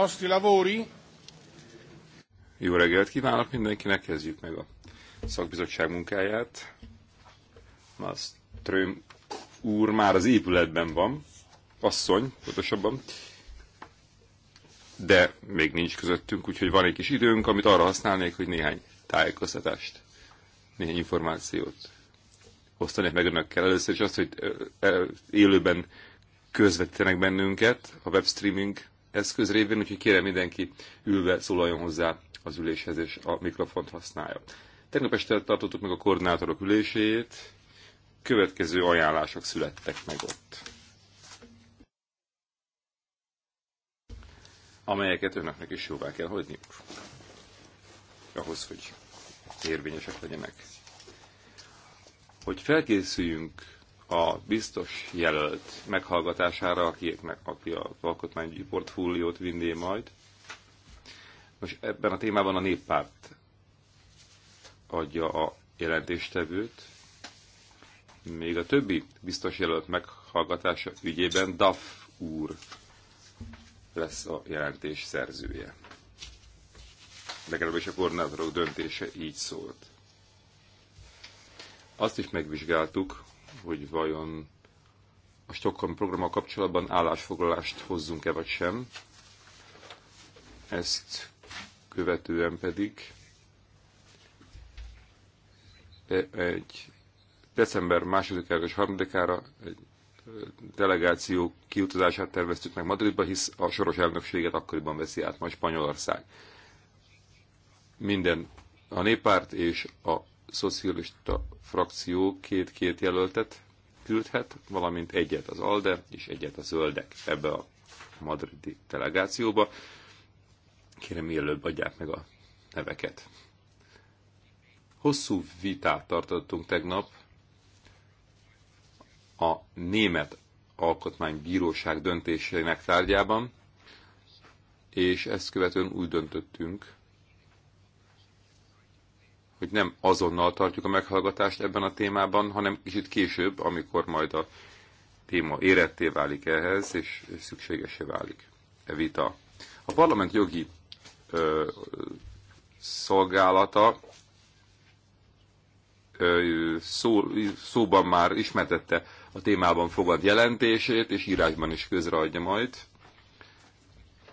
nostri lavori. Jó reggelt kívánok mindenkinek, kezdjük meg a szakbizottság munkáját. Ström úr már az épületben van, asszony, pontosabban, de még nincs közöttünk, úgyhogy van egy kis időnk, amit arra használnék, hogy néhány tájékoztatást, néhány információt osztanék meg önökkel. Először is azt, hogy élőben közvetítenek bennünket a webstreaming eszköz révén, úgyhogy kérem mindenki ülve szólaljon hozzá az üléshez és a mikrofont használja. Tegnap este tartottuk meg a koordinátorok ülését, következő ajánlások születtek meg ott. amelyeket önöknek is jóvá kell hagyniuk, ahhoz, hogy érvényesek legyenek. Hogy felkészüljünk a biztos jelölt meghallgatására, akiknek, aki a alkotmányügyi portfóliót vinné majd. Most ebben a témában a néppárt adja a jelentéstevőt. Még a többi biztos jelölt meghallgatása ügyében DAF úr lesz a jelentés szerzője. Legalábbis a koordinátorok döntése így szólt. Azt is megvizsgáltuk, hogy vajon a Stockholm programmal kapcsolatban állásfoglalást hozzunk-e vagy sem. Ezt követően pedig egy december másodikára és harmadikára egy delegáció kiutazását terveztük meg Madridba, hisz a soros elnökséget akkoriban veszi át majd Spanyolország. Minden a néppárt és a szocialista frakció két-két jelöltet küldhet, valamint egyet az ALDE és egyet a Zöldek ebbe a madridi delegációba. Kérem, mielőbb adják meg a neveket. Hosszú vitát tartottunk tegnap a német alkotmánybíróság döntésének tárgyában, és ezt követően úgy döntöttünk, hogy nem azonnal tartjuk a meghallgatást ebben a témában, hanem kicsit később, amikor majd a téma éretté válik ehhez, és szükségesé válik e vita. A parlament jogi ö, szolgálata ö, szó, szóban már ismertette a témában fogad jelentését, és írásban is közreadja majd.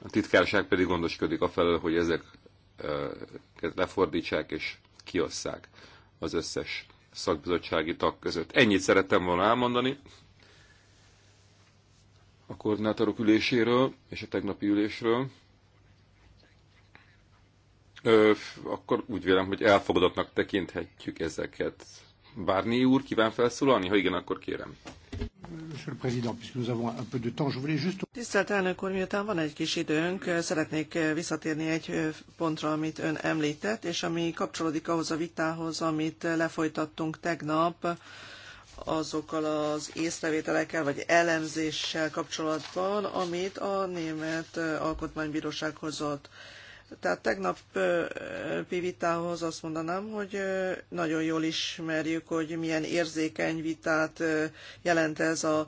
A titkárság pedig gondoskodik a felől, hogy ezek lefordítsák és kiosszák az összes szakbizottsági tag között. Ennyit szerettem volna elmondani a koordinátorok üléséről és a tegnapi ülésről. Ö, akkor úgy vélem, hogy elfogadottnak tekinthetjük ezeket. Bárni úr, kíván felszólalni? Ha igen, akkor kérem. Tisztelt elnök úr, miután van egy kis időnk, szeretnék visszatérni egy pontra, amit ön említett, és ami kapcsolódik ahhoz a vitához, amit lefolytattunk tegnap azokkal az észrevételekkel vagy elemzéssel kapcsolatban, amit a Német Alkotmánybíróság hozott. Tehát tegnapi vitához azt mondanám, hogy nagyon jól ismerjük, hogy milyen érzékeny vitát jelent ez a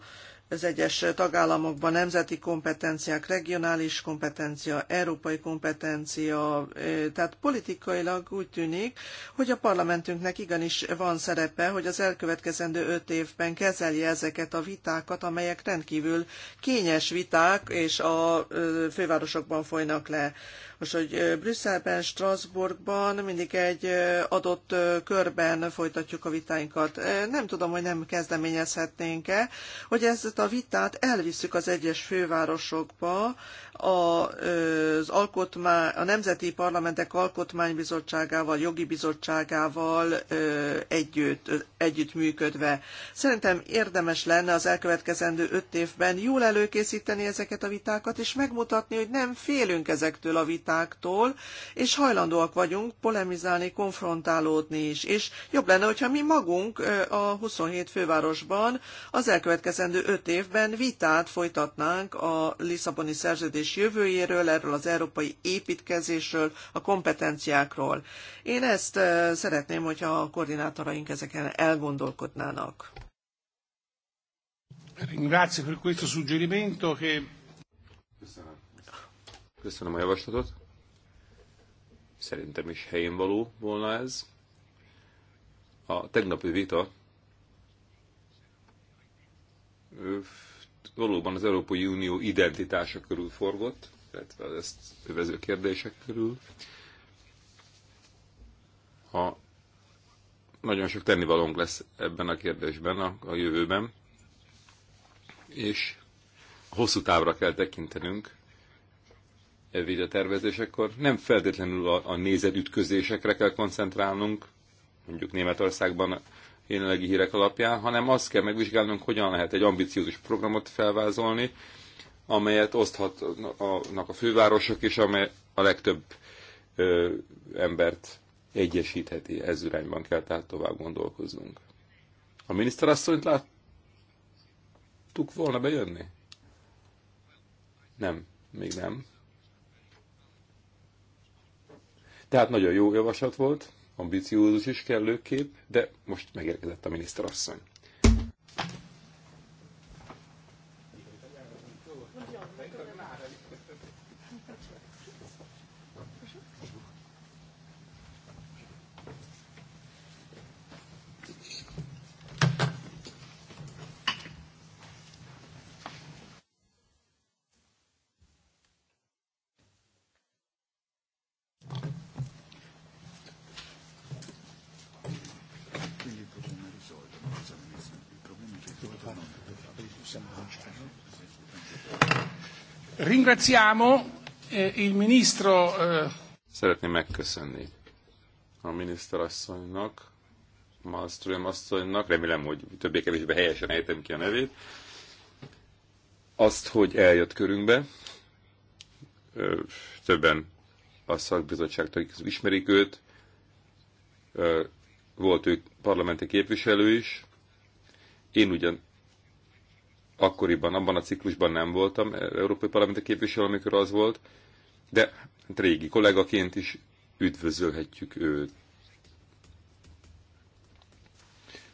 az egyes tagállamokban nemzeti kompetenciák, regionális kompetencia, európai kompetencia, tehát politikailag úgy tűnik, hogy a parlamentünknek igenis van szerepe, hogy az elkövetkezendő öt évben kezelje ezeket a vitákat, amelyek rendkívül kényes viták, és a fővárosokban folynak le. Most, hogy Brüsszelben, Strasbourgban mindig egy adott körben folytatjuk a vitáinkat. Nem tudom, hogy nem kezdeményezhetnénk-e, hogy ezt a vitát elviszük az egyes fővárosokba, az alkotmány, a Nemzeti Parlamentek Alkotmánybizottságával, Jogi Bizottságával együtt, együttműködve. Szerintem érdemes lenne az elkövetkezendő öt évben jól előkészíteni ezeket a vitákat, és megmutatni, hogy nem félünk ezektől a vitáktól, rasszistáktól, és hajlandóak vagyunk polemizálni, konfrontálódni is. És jobb lenne, hogyha mi magunk a 27 fővárosban az elkövetkezendő 5 évben vitát folytatnánk a Lisszaboni szerződés jövőjéről, erről az európai építkezésről, a kompetenciákról. Én ezt szeretném, hogyha a koordinátoraink ezeken elgondolkodnának. Grazie per questo suggerimento che... Köszönöm. Köszönöm a javaslatot. Szerintem is helyén való volna ez. A tegnapi vita valóban az Európai Unió identitása körül forgott, illetve az ezt övező kérdések körül. Ha nagyon sok tennivalónk lesz ebben a kérdésben a, a jövőben, és hosszú távra kell tekintenünk, vizatervezésekor nem feltétlenül a, a nézetütközésekre kell koncentrálnunk, mondjuk Németországban a jelenlegi hírek alapján, hanem azt kell megvizsgálnunk, hogyan lehet egy ambiciózus programot felvázolni, amelyet oszthatnak a fővárosok, és amely a legtöbb ö, embert egyesítheti. Ez irányban kell tehát tovább gondolkoznunk. A miniszterasszonyt láttuk volna bejönni? Nem, még nem. Tehát nagyon jó javaslat volt, ambiciózus is kellőképp, de most megérkezett a miniszterasszony. Ringraziamo eh, il ministro... Eh, Szeretném megköszönni a miniszterasszonynak, Malmström asszonynak, remélem, hogy többé-kevésbé helyesen ejtem ki a nevét, azt, hogy eljött körünkbe, többen a szakbizottság tagjai közül ismerik őt, volt ő parlamenti képviselő is, én ugyan akkoriban, abban a ciklusban nem voltam eh, Európai Parlamenti képviselő, amikor az volt, de hát régi kollégaként is üdvözölhetjük őt.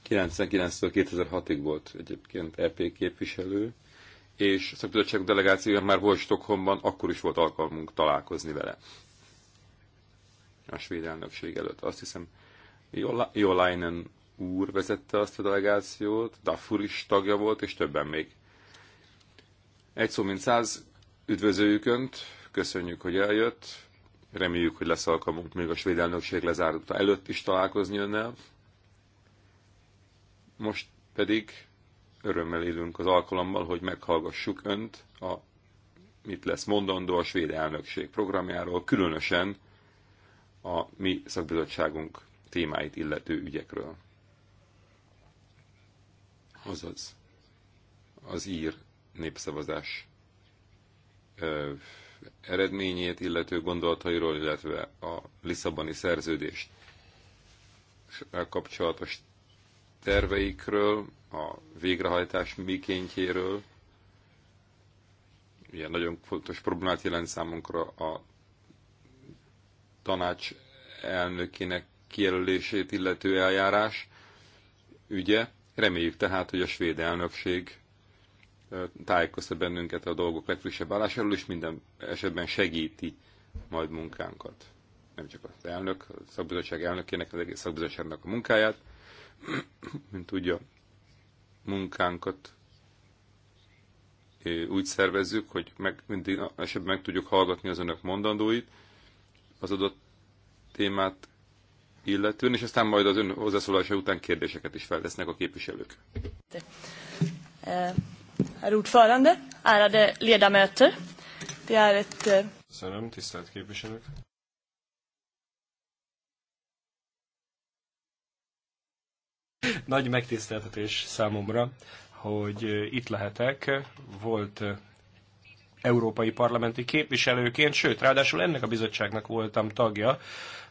99-től 2006-ig volt egyébként EP képviselő, és a szakbizottság delegációja már volt Stockholmban, akkor is volt alkalmunk találkozni vele. A svéd elnökség előtt. Azt hiszem, Jolainen úr vezette azt a delegációt, Dafur is tagja volt, és többen még. Egy szó mint száz, üdvözöljük Önt, köszönjük, hogy eljött, reméljük, hogy lesz alkalmunk még a svéd elnökség lezárulta előtt is találkozni Önnel. Most pedig örömmel élünk az alkalommal, hogy meghallgassuk Önt a mit lesz mondandó a svéd elnökség programjáról, különösen a mi szakbizottságunk témáit illető ügyekről azaz az ír népszavazás ö, eredményét, illető gondolatairól, illetve a Lisszaboni szerződést kapcsolatos terveikről, a végrehajtás mikéntjéről. Ilyen nagyon fontos problémát jelent számunkra a tanács elnökének kijelölését illető eljárás ügye Reméljük tehát, hogy a svéd elnökség tájékoztat bennünket a dolgok legfrissebb állásáról, és minden esetben segíti majd munkánkat. Nem csak az elnök, a szakbizottság elnökének, az egész szakbizottságnak a munkáját, mint tudja, munkánkat úgy szervezzük, hogy meg, mindig esetben meg tudjuk hallgatni az önök mondandóit, az adott témát illetően, és aztán majd az ön hozzászólása után kérdéseket is feltesznek a képviselők. Eh, herr ordförande, ärade ledamöter. Det är ett... Eh, Köszönöm, tisztelt képviselők. Nagy megtiszteltetés számomra, hogy eh, itt lehetek. Volt európai parlamenti képviselőként, sőt, ráadásul ennek a bizottságnak voltam tagja,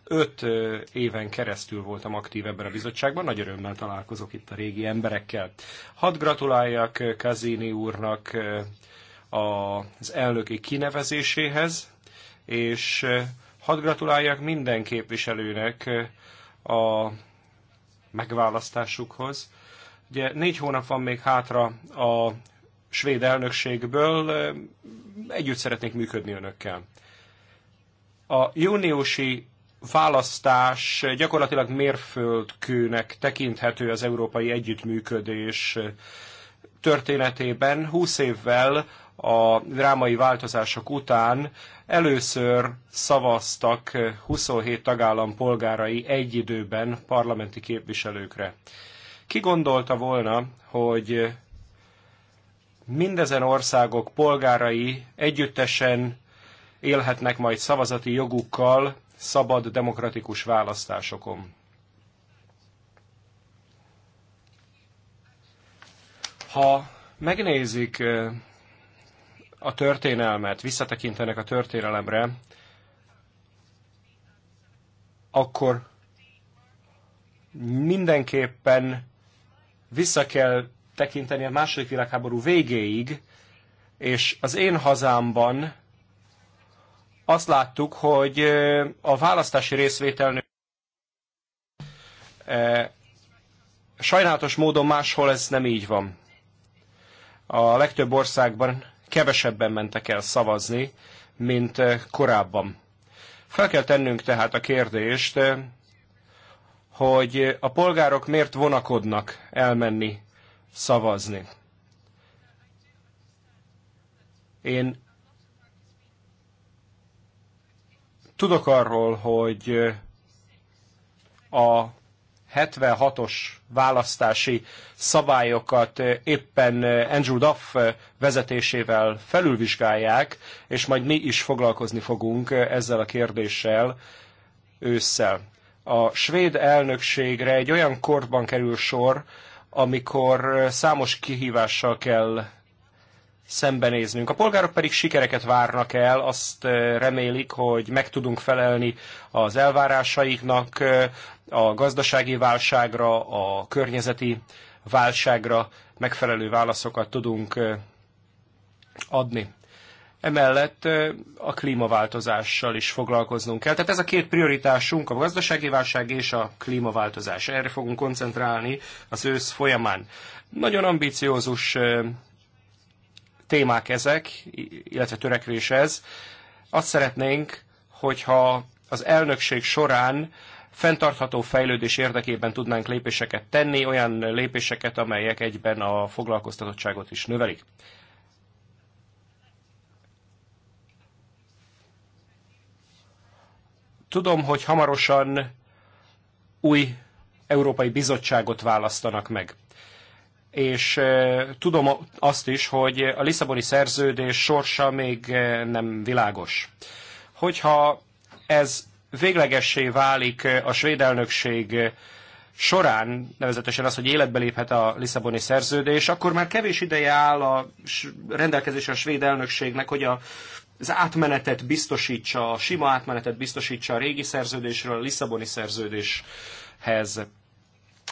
Öt éven keresztül voltam aktív ebben a bizottságban, nagy örömmel találkozok itt a régi emberekkel. Hadd gratuláljak Kazini úrnak az elnöki kinevezéséhez, és hadd gratuláljak minden képviselőnek a megválasztásukhoz. Ugye négy hónap van még hátra a svéd elnökségből, együtt szeretnék működni önökkel. A júniusi választás gyakorlatilag mérföldkőnek tekinthető az európai együttműködés történetében. 20 évvel a drámai változások után először szavaztak 27 tagállam polgárai egy időben parlamenti képviselőkre. Ki gondolta volna, hogy mindezen országok polgárai együttesen élhetnek majd szavazati jogukkal szabad, demokratikus választásokon. Ha megnézik a történelmet, visszatekintenek a történelemre, akkor mindenképpen vissza kell tekinteni a második világháború végéig, és az én hazámban azt láttuk, hogy a választási részvételnő sajnálatos módon máshol ez nem így van. A legtöbb országban kevesebben mentek el szavazni, mint korábban. Fel kell tennünk tehát a kérdést, hogy a polgárok miért vonakodnak elmenni szavazni. Én Tudok arról, hogy a 76-os választási szabályokat éppen Andrew Duff vezetésével felülvizsgálják, és majd mi is foglalkozni fogunk ezzel a kérdéssel ősszel. A svéd elnökségre egy olyan korban kerül sor, amikor számos kihívással kell szembenéznünk. A polgárok pedig sikereket várnak el, azt remélik, hogy meg tudunk felelni az elvárásaiknak, a gazdasági válságra, a környezeti válságra megfelelő válaszokat tudunk adni. Emellett a klímaváltozással is foglalkoznunk kell. Tehát ez a két prioritásunk, a gazdasági válság és a klímaváltozás. Erre fogunk koncentrálni az ősz folyamán. Nagyon ambiciózus témák ezek, illetve törekvés ez. Azt szeretnénk, hogyha az elnökség során fenntartható fejlődés érdekében tudnánk lépéseket tenni, olyan lépéseket, amelyek egyben a foglalkoztatottságot is növelik. Tudom, hogy hamarosan új Európai Bizottságot választanak meg és tudom azt is, hogy a Lisszaboni szerződés sorsa még nem világos. Hogyha ez véglegessé válik a svéd elnökség során, nevezetesen az, hogy életbe léphet a Lisszaboni szerződés, akkor már kevés ideje áll a rendelkezés a svéd elnökségnek, hogy a, az átmenetet biztosítsa, a sima átmenetet biztosítsa a régi szerződésről a Lisszaboni szerződéshez.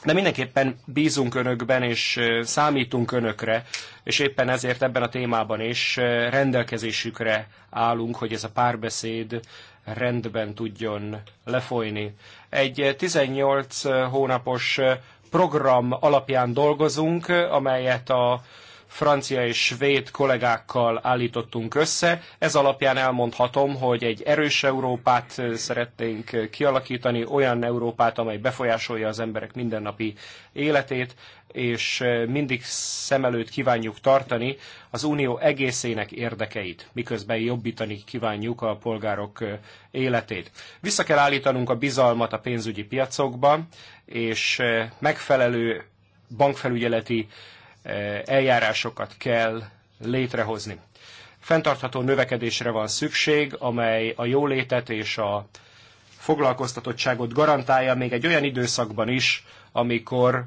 De mindenképpen bízunk önökben, és számítunk önökre, és éppen ezért ebben a témában is rendelkezésükre állunk, hogy ez a párbeszéd rendben tudjon lefolyni. Egy 18 hónapos program alapján dolgozunk, amelyet a francia és svéd kollégákkal állítottunk össze. Ez alapján elmondhatom, hogy egy erős Európát szeretnénk kialakítani, olyan Európát, amely befolyásolja az emberek mindennapi életét, és mindig szem előtt kívánjuk tartani az unió egészének érdekeit, miközben jobbítani kívánjuk a polgárok életét. Vissza kell állítanunk a bizalmat a pénzügyi piacokban, és megfelelő bankfelügyeleti eljárásokat kell létrehozni. Fentartható növekedésre van szükség, amely a jólétet és a foglalkoztatottságot garantálja még egy olyan időszakban is, amikor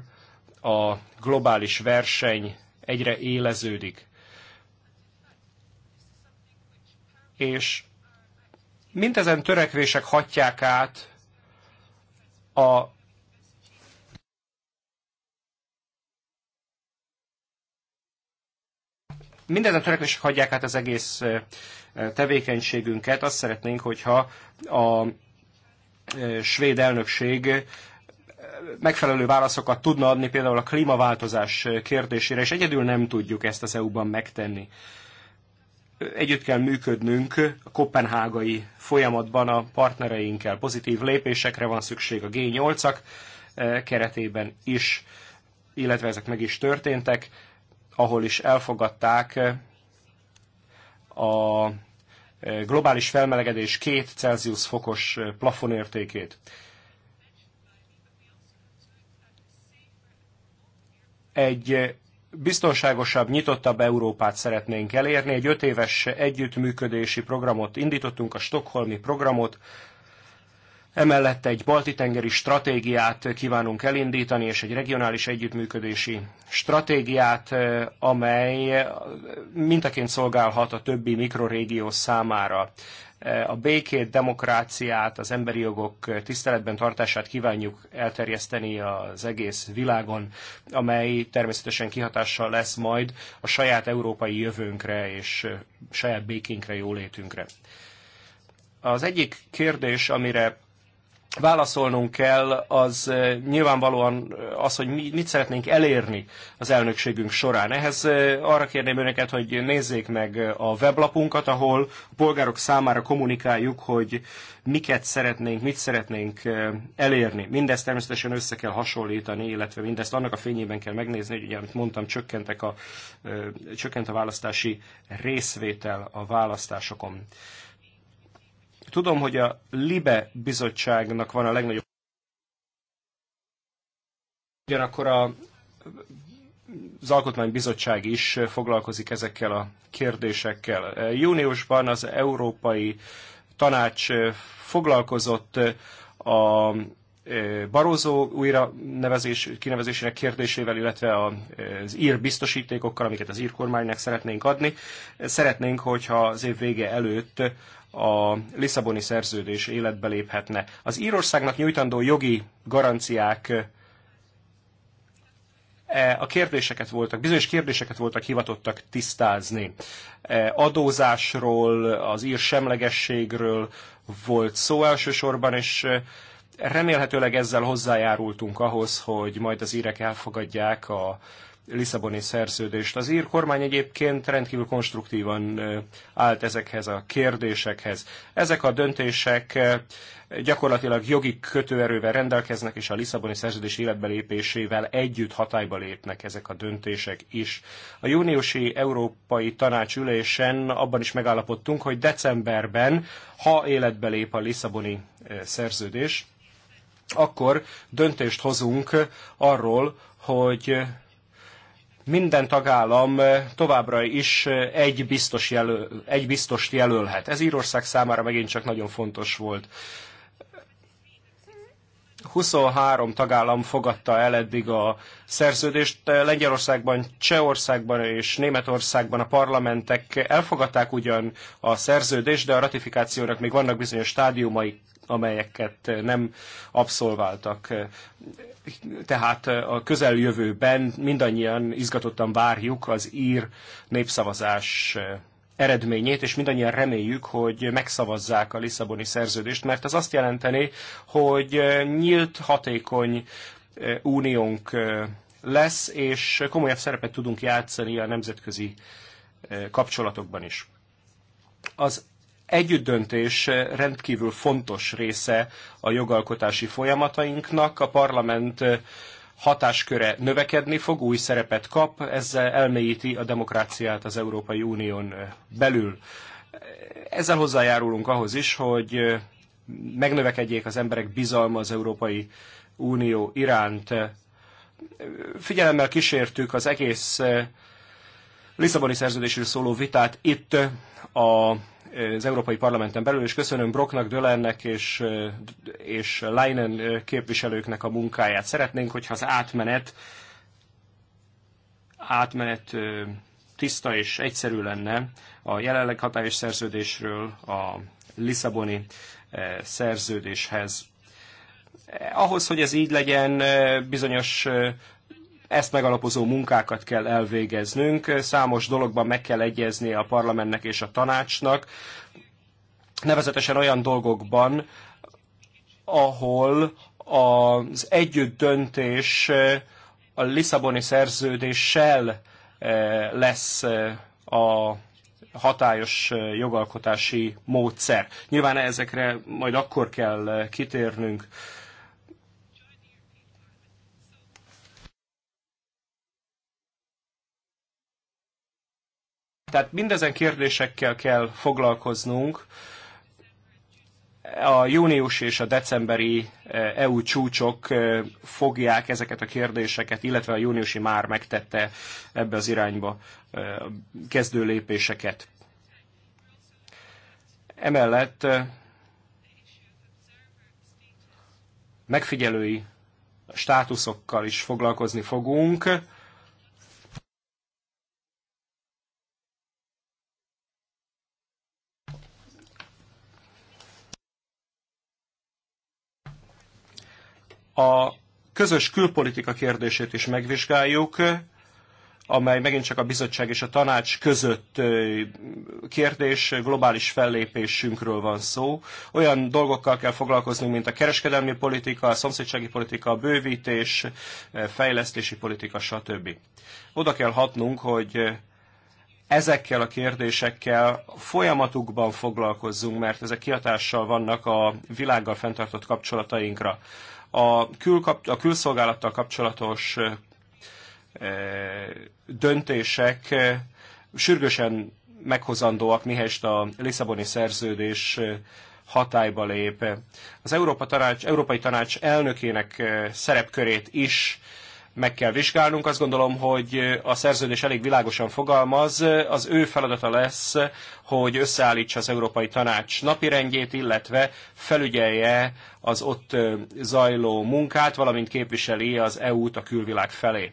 a globális verseny egyre éleződik. És mindezen törekvések hatják át a a törekvések hagyják át az egész tevékenységünket. Azt szeretnénk, hogyha a svéd elnökség megfelelő válaszokat tudna adni például a klímaváltozás kérdésére, és egyedül nem tudjuk ezt az EU-ban megtenni. Együtt kell működnünk a kopenhágai folyamatban a partnereinkkel. Pozitív lépésekre van szükség a G8-ak keretében is, illetve ezek meg is történtek ahol is elfogadták eh, a eh, globális felmelegedés két Celsius fokos eh, plafonértékét. Egy biztonságosabb, nyitottabb Európát szeretnénk elérni. Egy öt éves együttműködési programot indítottunk, a Stockholmi programot, Emellett egy balti-tengeri stratégiát kívánunk elindítani, és egy regionális együttműködési stratégiát, eh, amely eh, mintaként szolgálhat a többi mikrorégió számára. Eh, a békét, demokráciát, az emberi jogok tiszteletben tartását kívánjuk elterjeszteni az egész világon, amely természetesen kihatással lesz majd a saját európai jövőnkre és saját békénkre, jólétünkre. Az egyik kérdés, amire válaszolnunk kell, az eh, nyilvánvalóan eh, az, hogy mit szeretnénk elérni az elnökségünk során. Ehhez eh, arra kérném önöket, hogy nézzék meg a weblapunkat, ahol a polgárok számára kommunikáljuk, hogy miket szeretnénk, mit szeretnénk elérni. Mindezt természetesen össze kell hasonlítani, illetve mindezt annak a fényében kell megnézni, hogy ugye, amit mondtam, csökkentek a, csökkent a választási részvétel a választásokon. Tudom, hogy a LIBE bizottságnak van a legnagyobb. Ugyanakkor a, az Alkotmánybizottság is foglalkozik ezekkel a kérdésekkel. Júniusban az Európai Tanács foglalkozott a e, Barózó újra nevezés, kinevezésének kérdésével, illetve az ír biztosítékokkal, amiket az ír kormánynak szeretnénk adni. Szeretnénk, hogyha az év vége előtt a Lisszaboni szerződés életbe léphetne. Az Írországnak nyújtandó jogi garanciák e, a kérdéseket voltak, bizonyos kérdéseket voltak hivatottak tisztázni. E, adózásról, az ír semlegességről volt szó elsősorban, és e, remélhetőleg ezzel hozzájárultunk ahhoz, hogy majd az írek elfogadják a Lisszaboni szerződést. Az ír kormány egyébként rendkívül konstruktívan állt ezekhez a kérdésekhez. Ezek a döntések gyakorlatilag jogi kötőerővel rendelkeznek, és a Lisszaboni szerződés életbelépésével együtt hatályba lépnek ezek a döntések is. A júniusi Európai Tanács ülésen abban is megállapodtunk, hogy decemberben, ha életbe lép a Lisszaboni szerződés, akkor döntést hozunk arról, hogy minden tagállam eh, továbbra is eh, egy, biztos jelöl, egy biztost jelölhet. Ez Írország számára megint csak nagyon fontos volt. 23 tagállam fogadta el eddig a szerződést. Eh, Lengyelországban, Csehországban és Németországban a parlamentek elfogadták ugyan a szerződést, de a ratifikációnak még vannak bizonyos stádiumai amelyeket eh, nem abszolváltak. Tehát eh, a közeljövőben mindannyian izgatottan várjuk az ír népszavazás eh, eredményét, és mindannyian reméljük, hogy megszavazzák a Lisszaboni szerződést, mert ez azt jelenteni, hogy nyílt, hatékony uniónk lesz, és komolyabb szerepet tudunk játszani a nemzetközi kapcsolatokban is. Az együttdöntés rendkívül fontos része a jogalkotási folyamatainknak. A parlament hatásköre növekedni fog, új szerepet kap, ezzel elmélyíti a demokráciát az Európai Unión belül. Ezzel hozzájárulunk ahhoz is, hogy megnövekedjék az emberek bizalma az Európai Unió iránt. Figyelemmel kísértük az egész Lisszaboni szerződésről szóló vitát itt a az Európai Parlamenten belül, és köszönöm Brocknak, Dölennek és, és Leinen képviselőknek a munkáját. Szeretnénk, hogyha az átmenet, átmenet tiszta és egyszerű lenne a jelenleg hatályos szerződésről a Lisszaboni szerződéshez. Eh, ahhoz, hogy ez így legyen, bizonyos ezt megalapozó munkákat kell elvégeznünk. Számos dologban meg kell egyezni a parlamentnek és a tanácsnak, nevezetesen olyan dolgokban, ahol az együtt döntés a Lisszaboni szerződéssel eh, lesz eh, a hatályos eh, jogalkotási módszer. Nyilván ezekre majd akkor kell kitérnünk. Tehát mindezen kérdésekkel kell foglalkoznunk a június és a decemberi EU e csúcsok e, fogják ezeket a kérdéseket, illetve a júniusi már megtette ebbe az irányba e, kezdő lépéseket. Emellett megfigyelői státuszokkal is foglalkozni fogunk. a közös külpolitika kérdését is megvizsgáljuk, amely megint csak a bizottság és a tanács között kérdés, globális fellépésünkről van szó. Olyan dolgokkal kell foglalkoznunk, mint a kereskedelmi politika, a szomszédsági politika, a bővítés, fejlesztési politika, stb. Oda kell hatnunk, hogy ezekkel a kérdésekkel folyamatukban foglalkozzunk, mert ezek kihatással vannak a világgal fenntartott kapcsolatainkra a, külkap, a külszolgálattal kapcsolatos döntések sürgősen meghozandóak, mihelyest a Lisszaboni szerződés hatályba lép. Az Európa Tanács, Európai Tanács elnökének szerepkörét is meg kell vizsgálnunk. Azt gondolom, hogy a szerződés elég világosan fogalmaz. Az ő feladata lesz, hogy összeállítsa az Európai Tanács napirendjét, illetve felügyelje az ott zajló munkát, valamint képviseli az EU-t a külvilág felé.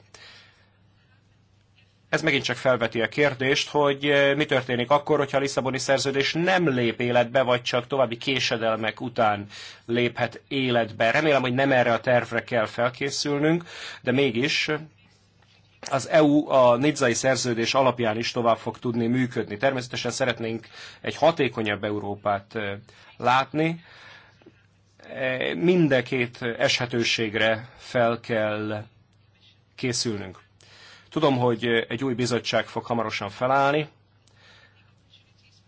Ez megint csak felveti a kérdést, hogy eh, mi történik akkor, hogyha a Lisszaboni szerződés nem lép életbe, vagy csak további késedelmek után léphet életbe. Remélem, hogy nem erre a tervre kell felkészülnünk, de mégis az EU a nidzai szerződés alapján is tovább fog tudni működni. Természetesen szeretnénk egy hatékonyabb Európát eh, látni. Eh, Mindkét eshetőségre fel kell készülnünk. Tudom, hogy eh, egy új bizottság fog hamarosan felállni,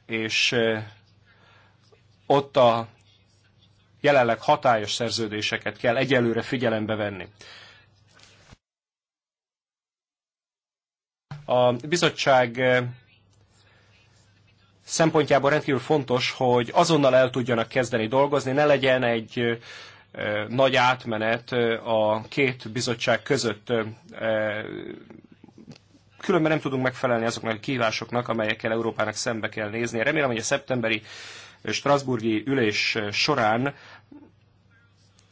és eh, ott a jelenleg hatályos szerződéseket kell egyelőre figyelembe venni. A bizottság eh, szempontjából rendkívül fontos, hogy azonnal el tudjanak kezdeni dolgozni, ne legyen egy nagy átmenet a két bizottság között különben nem tudunk megfelelni azoknak a kívásoknak, amelyekkel Európának szembe kell nézni. Remélem, hogy a szeptemberi Strasburgi ülés során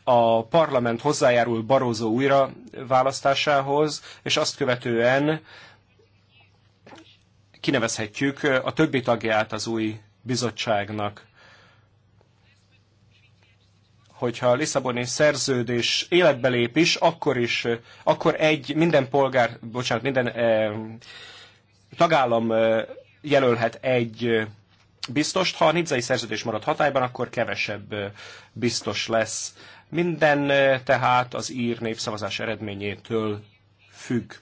a parlament hozzájárul Barózó újra választásához, és azt követően kinevezhetjük a többi tagját az új bizottságnak hogyha a Lisszaboni szerződés életbe lép is, akkor is, akkor egy minden polgár, bocsánat, minden eh, tagállam eh, jelölhet egy eh, biztost. Ha a nidzai szerződés marad hatályban, akkor kevesebb eh, biztos lesz. Minden eh, tehát az ír népszavazás eredményétől függ.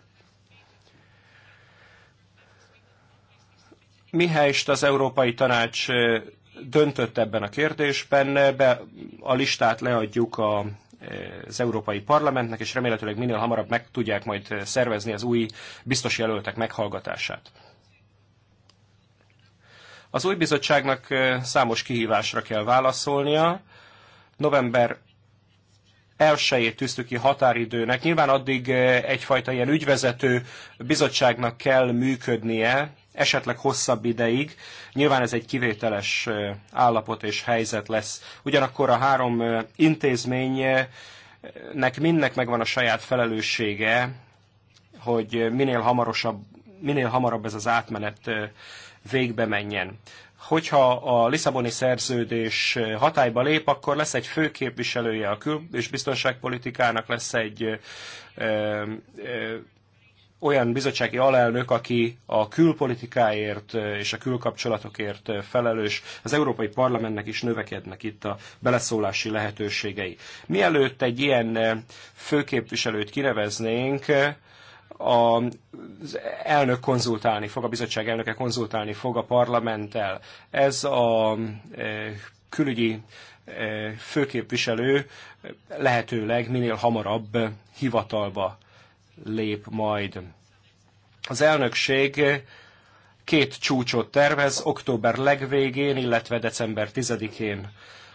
Mihelyst az Európai Tanács eh, döntött ebben a kérdésben, be, a listát leadjuk a, az Európai Parlamentnek, és remélhetőleg minél hamarabb meg tudják majd szervezni az új biztos jelöltek meghallgatását. Az új bizottságnak számos kihívásra kell válaszolnia. November 1 tűztük ki határidőnek. Nyilván addig egyfajta ilyen ügyvezető bizottságnak kell működnie, esetleg hosszabb ideig. Nyilván ez egy kivételes állapot és helyzet lesz. Ugyanakkor a három intézménynek mindnek megvan a saját felelőssége, hogy minél hamarosabb, minél hamarabb ez az átmenet végbe menjen. Hogyha a Lisszaboni szerződés hatályba lép, akkor lesz egy főképviselője a kül- és biztonságpolitikának, lesz egy olyan bizottsági alelnök, aki a külpolitikáért és a külkapcsolatokért felelős, az Európai Parlamentnek is növekednek itt a beleszólási lehetőségei. Mielőtt egy ilyen főképviselőt kineveznénk, az elnök konzultálni fog, a bizottság elnöke konzultálni fog a parlamenttel. Ez a külügyi főképviselő lehetőleg minél hamarabb hivatalba lép majd. Az elnökség két csúcsot tervez, október legvégén, illetve december 10-én.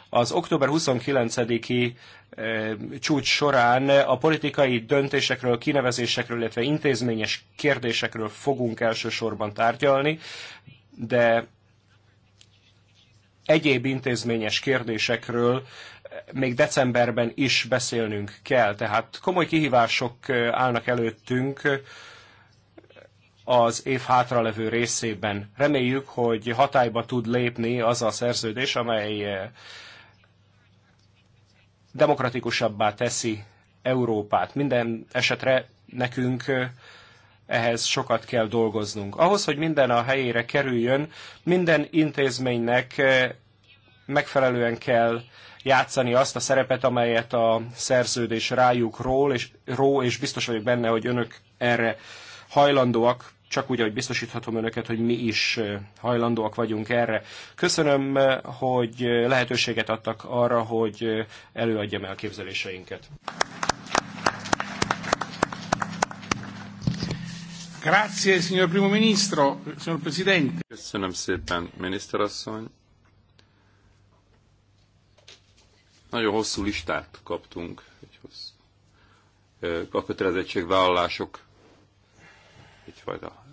Az október 29-i e, csúcs során a politikai döntésekről, kinevezésekről, illetve intézményes kérdésekről fogunk elsősorban tárgyalni, de egyéb intézményes kérdésekről még decemberben is beszélnünk kell. Tehát komoly kihívások állnak előttünk az év hátralevő részében. Reméljük, hogy hatályba tud lépni az a szerződés, amely demokratikusabbá teszi Európát. Minden esetre nekünk ehhez sokat kell dolgoznunk. Ahhoz, hogy minden a helyére kerüljön, minden intézménynek megfelelően kell játszani azt a szerepet, amelyet a szerződés rájuk ról, és, ró, és biztos vagyok benne, hogy önök erre hajlandóak, csak úgy, ahogy biztosíthatom önöket, hogy mi is hajlandóak vagyunk erre. Köszönöm, hogy lehetőséget adtak arra, hogy előadjam elképzeléseinket. Grazie, signor primo ministro, signor presidente. Köszönöm szépen, miniszterasszony. Nagyon hosszú listát kaptunk, egy hosszú, a kötelezettségvállalások egyfajta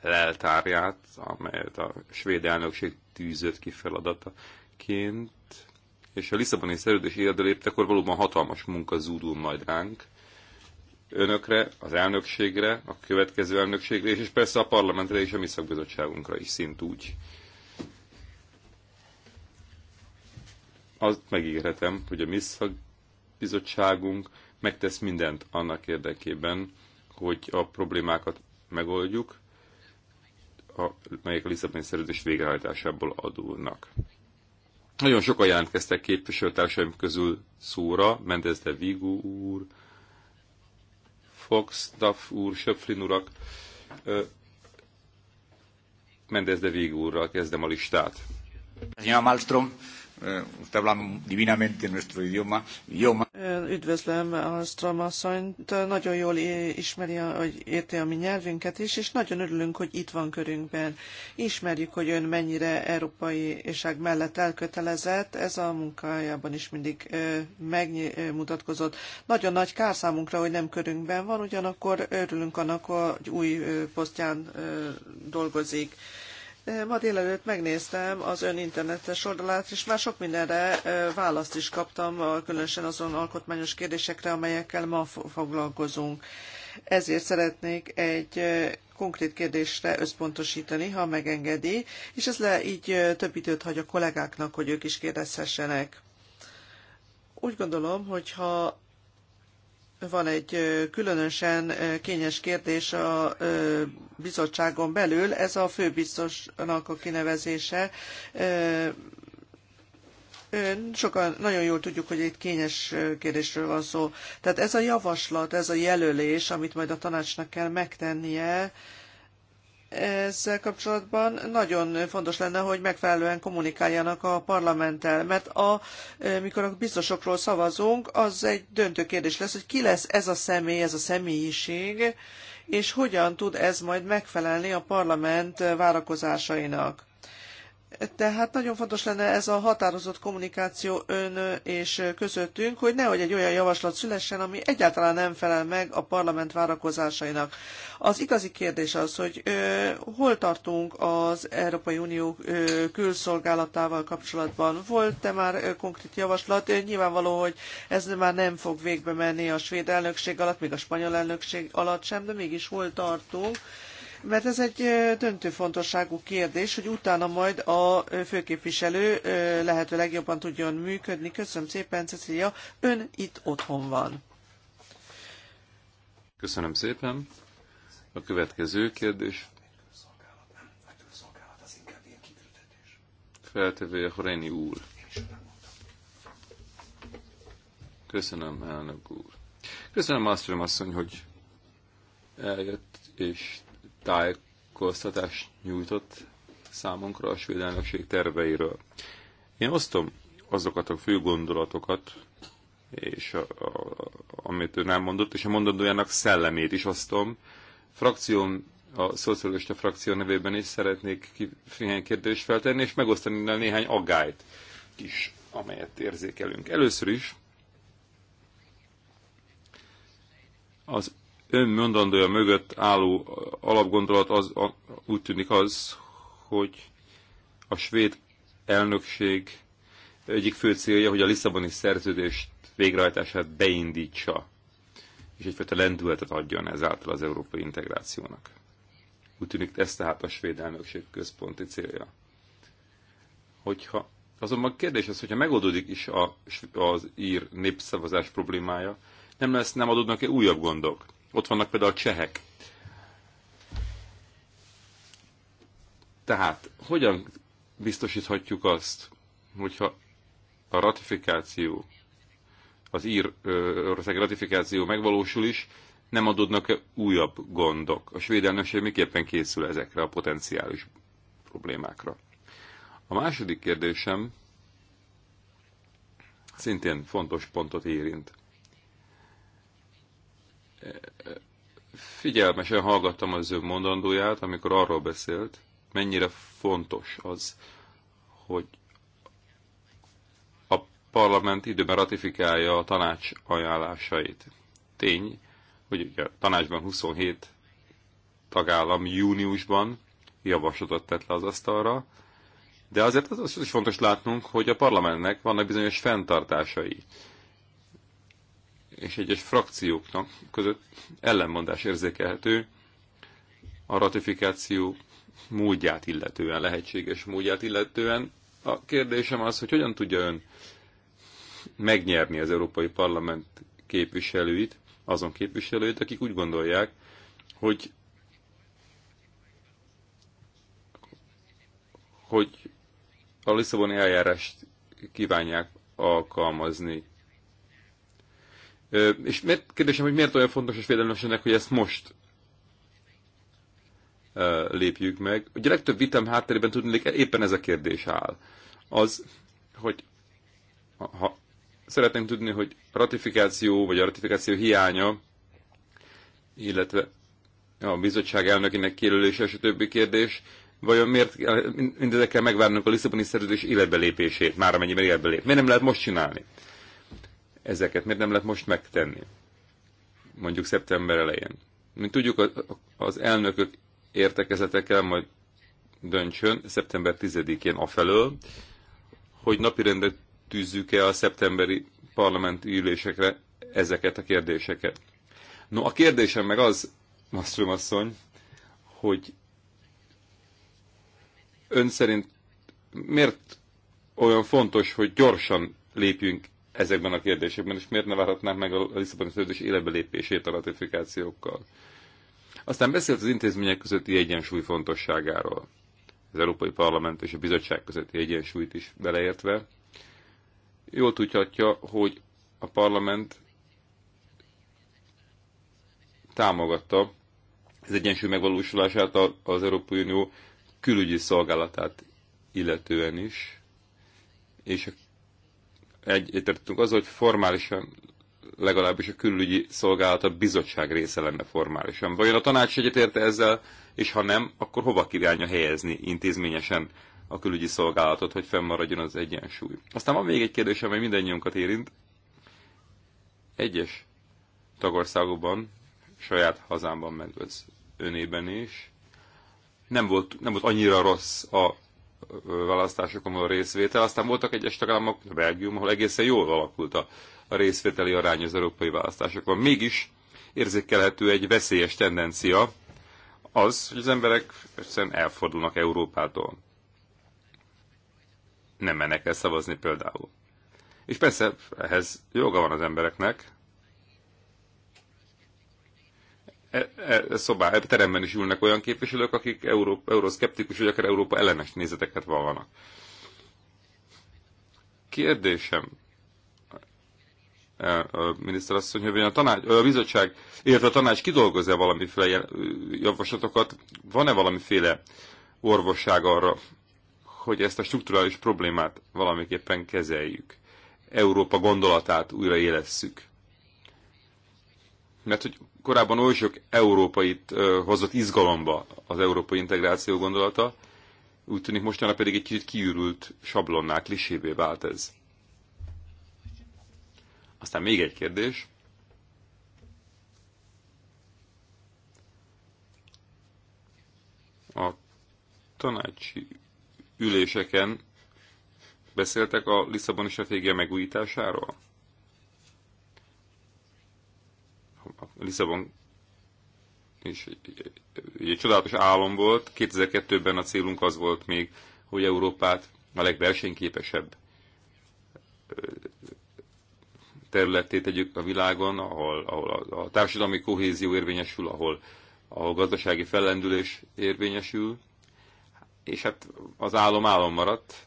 leltárját, amelyet a svéd elnökség tűzött ki feladataként, és a Lisszaboni szerződés életbe lépt, akkor valóban hatalmas munka zúdul majd ránk, önökre, az elnökségre, a következő elnökségre, és, persze a parlamentre és a mi szakbizottságunkra is szintúgy. úgy azt megígérhetem, hogy a MISZAG bizottságunk megtesz mindent annak érdekében, hogy a problémákat megoldjuk, a, melyek a Lisszaboni szerződés végrehajtásából adulnak. Nagyon sokan jelentkeztek képviselőtársaim közül szóra, Mendez de Vigo úr, Fox, Duff úr, Söpflin urak. Mendez de Vigo úrral kezdem a listát. Malmström, Eh, usted habla divinamente nuestro idioma. idioma. Eh, üdvözlöm Alstrom asszonyt, nagyon jól ismeri, hogy érti a mi nyelvünket is, és nagyon örülünk, hogy itt van körünkben. Ismerjük, hogy ön mennyire európai éság mellett elkötelezett, ez a munkájában is mindig eh, megmutatkozott. Nagyon nagy kár számunkra, hogy nem körünkben van, ugyanakkor örülünk annak, hogy új posztján dolgozik. Ma délelőtt megnéztem az ön internetes oldalát, és már sok mindenre választ is kaptam, különösen azon alkotmányos kérdésekre, amelyekkel ma foglalkozunk. Ezért szeretnék egy konkrét kérdésre összpontosítani, ha megengedi, és ez le így több időt hagy a kollégáknak, hogy ők is kérdezhessenek. Úgy gondolom, hogy ha van egy különösen kényes kérdés a bizottságon belül, ez a főbiztosnak a kinevezése. Sokan nagyon jól tudjuk, hogy itt kényes kérdésről van szó. Tehát ez a javaslat, ez a jelölés, amit majd a tanácsnak kell megtennie, ezzel kapcsolatban nagyon fontos lenne, hogy megfelelően kommunikáljanak a parlamenttel, mert a, e, mikor a biztosokról szavazunk, az egy döntő kérdés lesz, hogy ki lesz ez a személy, ez a személyiség, és hogyan tud ez majd megfelelni a parlament várakozásainak. Tehát nagyon fontos lenne ez a határozott kommunikáció ön és közöttünk, hogy nehogy egy olyan javaslat szülessen, ami egyáltalán nem felel meg a parlament várakozásainak. Az igazi kérdés az, hogy ö, hol tartunk az Európai Unió ö, külszolgálatával kapcsolatban. Volt-e már ö, konkrét javaslat? Ö, nyilvánvaló, hogy ez már nem fog végbe menni a svéd elnökség alatt, még a spanyol elnökség alatt sem, de mégis hol tartunk mert ez egy döntő fontosságú kérdés, hogy utána majd a főképviselő lehető legjobban tudjon működni. Köszönöm szépen, Cecilia, ön itt otthon van. Köszönöm szépen. A következő kérdés. Feltevője Horeni úr. Köszönöm, elnök úr. Köszönöm, Mászlőm asszony, hogy eljött és tájékoztatást nyújtott számunkra a svéd elnökség terveiről. Én osztom azokat a fő gondolatokat, és a, a, amit ő nem mondott, és a mondandójának szellemét is osztom. Frakcióm, a szocialista frakció nevében is szeretnék néhány kérdést feltenni, és megosztani néhány aggályt is, amelyet érzékelünk. Először is az ön mondandója mögött álló alapgondolat az, a, úgy tűnik az, hogy a svéd elnökség egyik fő célja, hogy a Lisszaboni szerződést végrehajtását beindítsa, és egyfajta lendületet adjon ezáltal az európai integrációnak. Úgy tűnik ez tehát a svéd elnökség központi célja. Hogyha, azonban a kérdés az, hogyha megoldódik is a, az ír népszavazás problémája, nem lesz, nem adódnak-e újabb gondok? Ott vannak például a csehek. Tehát hogyan biztosíthatjuk azt, hogyha a ratifikáció, az ír ország ratifikáció megvalósul is, nem adódnak -e újabb gondok. A svéd elnökség miképpen készül ezekre a potenciális problémákra. A második kérdésem szintén fontos pontot érint. Figyelmesen hallgattam az ő mondandóját, amikor arról beszélt, mennyire fontos az, hogy a parlament időben ratifikálja a tanács ajánlásait. Tény, hogy ugye a tanácsban 27 tagállam júniusban javaslatot tett le az asztalra, de azért az is fontos látnunk, hogy a parlamentnek vannak bizonyos fenntartásai és egyes frakcióknak között ellenmondás érzékelhető a ratifikáció módját illetően, lehetséges módját illetően. A kérdésem az, hogy hogyan tudja ön megnyerni az Európai Parlament képviselőit, azon képviselőit, akik úgy gondolják, hogy hogy a Lisszaboni eljárást kívánják alkalmazni és miért, kérdésem, hogy miért olyan fontos és védelmes ennek, hogy ezt most lépjük meg. Ugye a legtöbb vitam hátterében tudnék, éppen ez a kérdés áll. Az, hogy ha szeretném tudni, hogy a ratifikáció, vagy a ratifikáció hiánya, illetve a bizottság elnökének kérülése, és a többi kérdés, vajon miért mindezekkel megvárnunk a Lisszaboni szerződés életbelépését, már amennyiben életbelép. Miért nem lehet most csinálni? ezeket miért nem lehet most megtenni? Mondjuk szeptember elején. Mint tudjuk, az elnökök értekezetekkel majd döntsön szeptember 10-én afelől, hogy napirendet tűzzük-e a szeptemberi parlamenti ülésekre ezeket a kérdéseket. No, a kérdésem meg az, Masztrom asszony, hogy ön szerint miért olyan fontos, hogy gyorsan lépjünk ezekben a kérdésekben, és miért ne várhatnánk meg a Lisszaboni szerződés életbe lépését a ratifikációkkal. Aztán beszélt az intézmények közötti egyensúly fontosságáról, az Európai Parlament és a Bizottság közötti egyensúlyt is beleértve. Jól tudhatja, hogy a parlament támogatta az egyensúly megvalósulását az Európai Unió külügyi szolgálatát illetően is, és a egyetértünk az, hogy formálisan legalábbis a külügyi szolgálat a bizottság része lenne formálisan. Vajon a tanács egyetérte ezzel, és ha nem, akkor hova kívánja helyezni intézményesen a külügyi szolgálatot, hogy fennmaradjon az egyensúly. Aztán van még egy kérdés, amely mindannyiunkat érint. Egyes tagországokban, saját hazámban meg az önében is, nem volt, nem volt annyira rossz a választásokon a részvétel, aztán voltak egyes tagállamok, Belgium, ahol egészen jól alakult a, a részvételi arány az európai választásokon. Mégis érzékelhető egy veszélyes tendencia az, hogy az emberek egyszerűen elfordulnak Európától. Nem mennek el szavazni például. És persze ehhez joga van az embereknek, e, e, szobá, e teremben is ülnek olyan képviselők, akik Európa, euroszkeptikus, vagy akár Európa ellenes nézeteket vallanak. Kérdésem, e, a miniszterasszony, hogy a, tanács, a bizottság, illetve a tanács kidolgozza valamiféle javaslatokat, van-e valamiféle orvosság arra, hogy ezt a strukturális problémát valamiképpen kezeljük, Európa gondolatát újraélesszük mert hogy korábban oly sok európait hozott izgalomba az európai integráció gondolata, úgy tűnik mostanra pedig egy kicsit kiürült sablonná, klisébé vált ez. Aztán még egy kérdés. A tanácsi üléseken beszéltek a Lisszaboni stratégia megújításáról? a Lisszabon és egy, egy, csodálatos álom volt. 2002-ben a célunk az volt még, hogy Európát a legversenyképesebb területét tegyük a világon, ahol, ahol a, a társadalmi kohézió érvényesül, ahol, a gazdasági fellendülés érvényesül, és hát az álom álom maradt.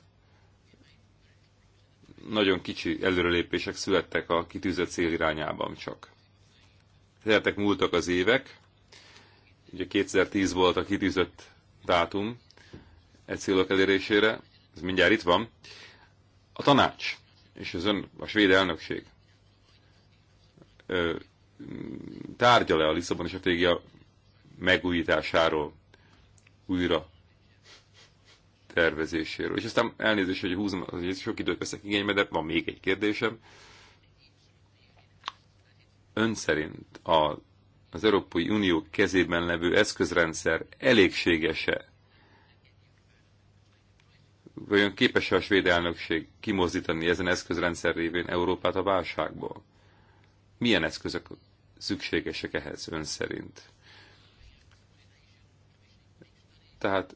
Nagyon kicsi előrelépések születtek a kitűzött cél irányában csak. Teltek múltak az évek, ugye 2010 volt a kitűzött dátum egy célok elérésére, ez mindjárt itt van. A tanács és az ön, a svéd elnökség tárgya le a Lisszaboni stratégia megújításáról, újra tervezéséről. És aztán elnézést, hogy húzom, hogy sok időt veszek igénybe, de van még egy kérdésem ön szerint a, az Európai Unió kezében levő eszközrendszer elégségese Vajon képes-e a svéd elnökség kimozdítani ezen eszközrendszer révén Európát a válságból? Milyen eszközök szükségesek ehhez ön szerint? Tehát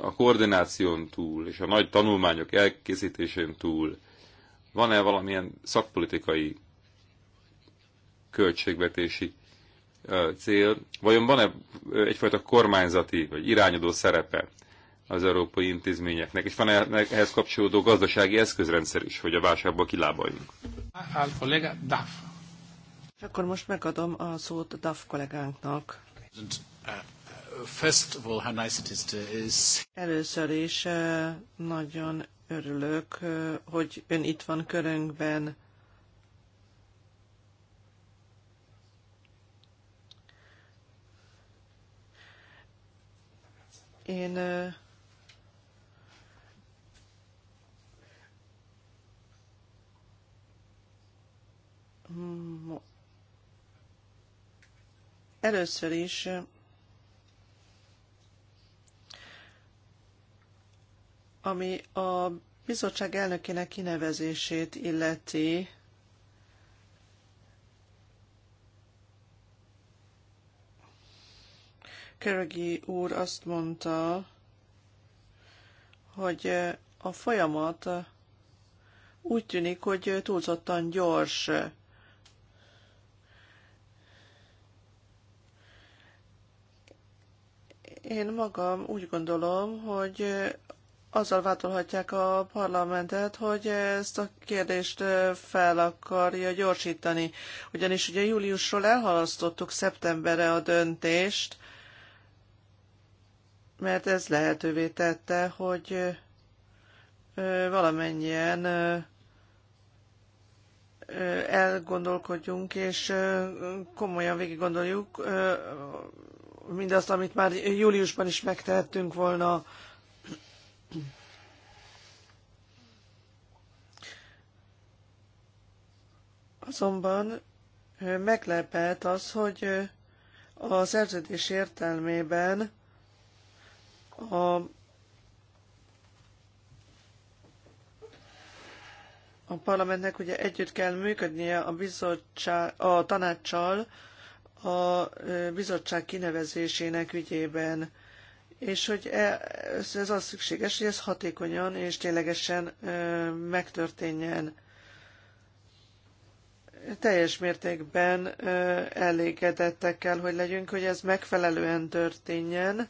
a koordináción túl és a nagy tanulmányok elkészítésén túl van-e valamilyen szakpolitikai költségvetési cél. Vajon van-e egyfajta kormányzati vagy irányadó szerepe az európai intézményeknek, és van-e ehhez kapcsolódó gazdasági eszközrendszer is, hogy a válságból kilábaljunk? Akkor most megadom a szót DAF kollégánknak. First of all, is Először is nagyon örülök, hogy ön itt van körünkben. Én először is ami a bizottság elnökének kinevezését illeti, Keregi úr azt mondta, hogy a folyamat úgy tűnik, hogy túlzottan gyors. Én magam úgy gondolom, hogy azzal vádolhatják a parlamentet, hogy ezt a kérdést fel akarja gyorsítani. Ugyanis ugye júliusról elhalasztottuk szeptemberre a döntést, mert ez lehetővé tette, hogy valamennyien elgondolkodjunk, és komolyan végig gondoljuk mindazt, amit már júliusban is megtehettünk volna. Azonban meglepett az, hogy a szerződés értelmében a a parlamentnek ugye együtt kell működnie a, bizottság, a tanácssal a bizottság kinevezésének ügyében, és hogy e, ez, ez az szükséges, hogy ez hatékonyan és ténylegesen megtörténjen. Teljes mértékben elégedettek kell, hogy legyünk, hogy ez megfelelően történjen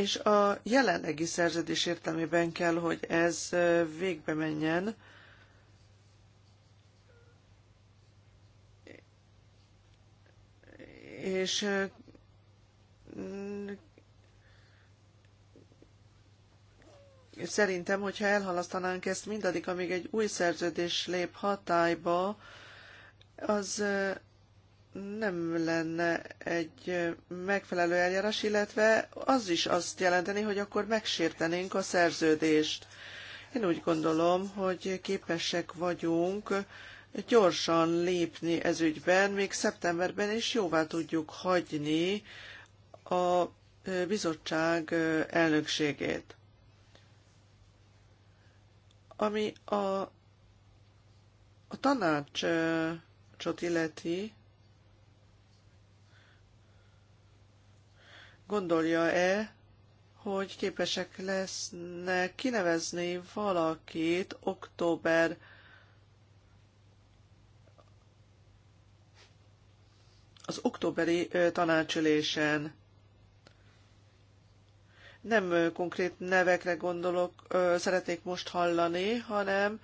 és a jelenlegi szerződés értelmében kell, hogy ez végbe menjen. És szerintem, hogyha elhalasztanánk ezt mindaddig, amíg egy új szerződés lép hatályba, az nem lenne egy megfelelő eljárás, illetve az is azt jelenteni, hogy akkor megsértenénk a szerződést. Én úgy gondolom, hogy képesek vagyunk gyorsan lépni ez ügyben, még szeptemberben is jóvá tudjuk hagyni a bizottság elnökségét. Ami a, a tanácsot illeti, gondolja-e, hogy képesek lesznek kinevezni valakit október az októberi tanácsülésen. Nem konkrét nevekre gondolok, szeretnék most hallani, hanem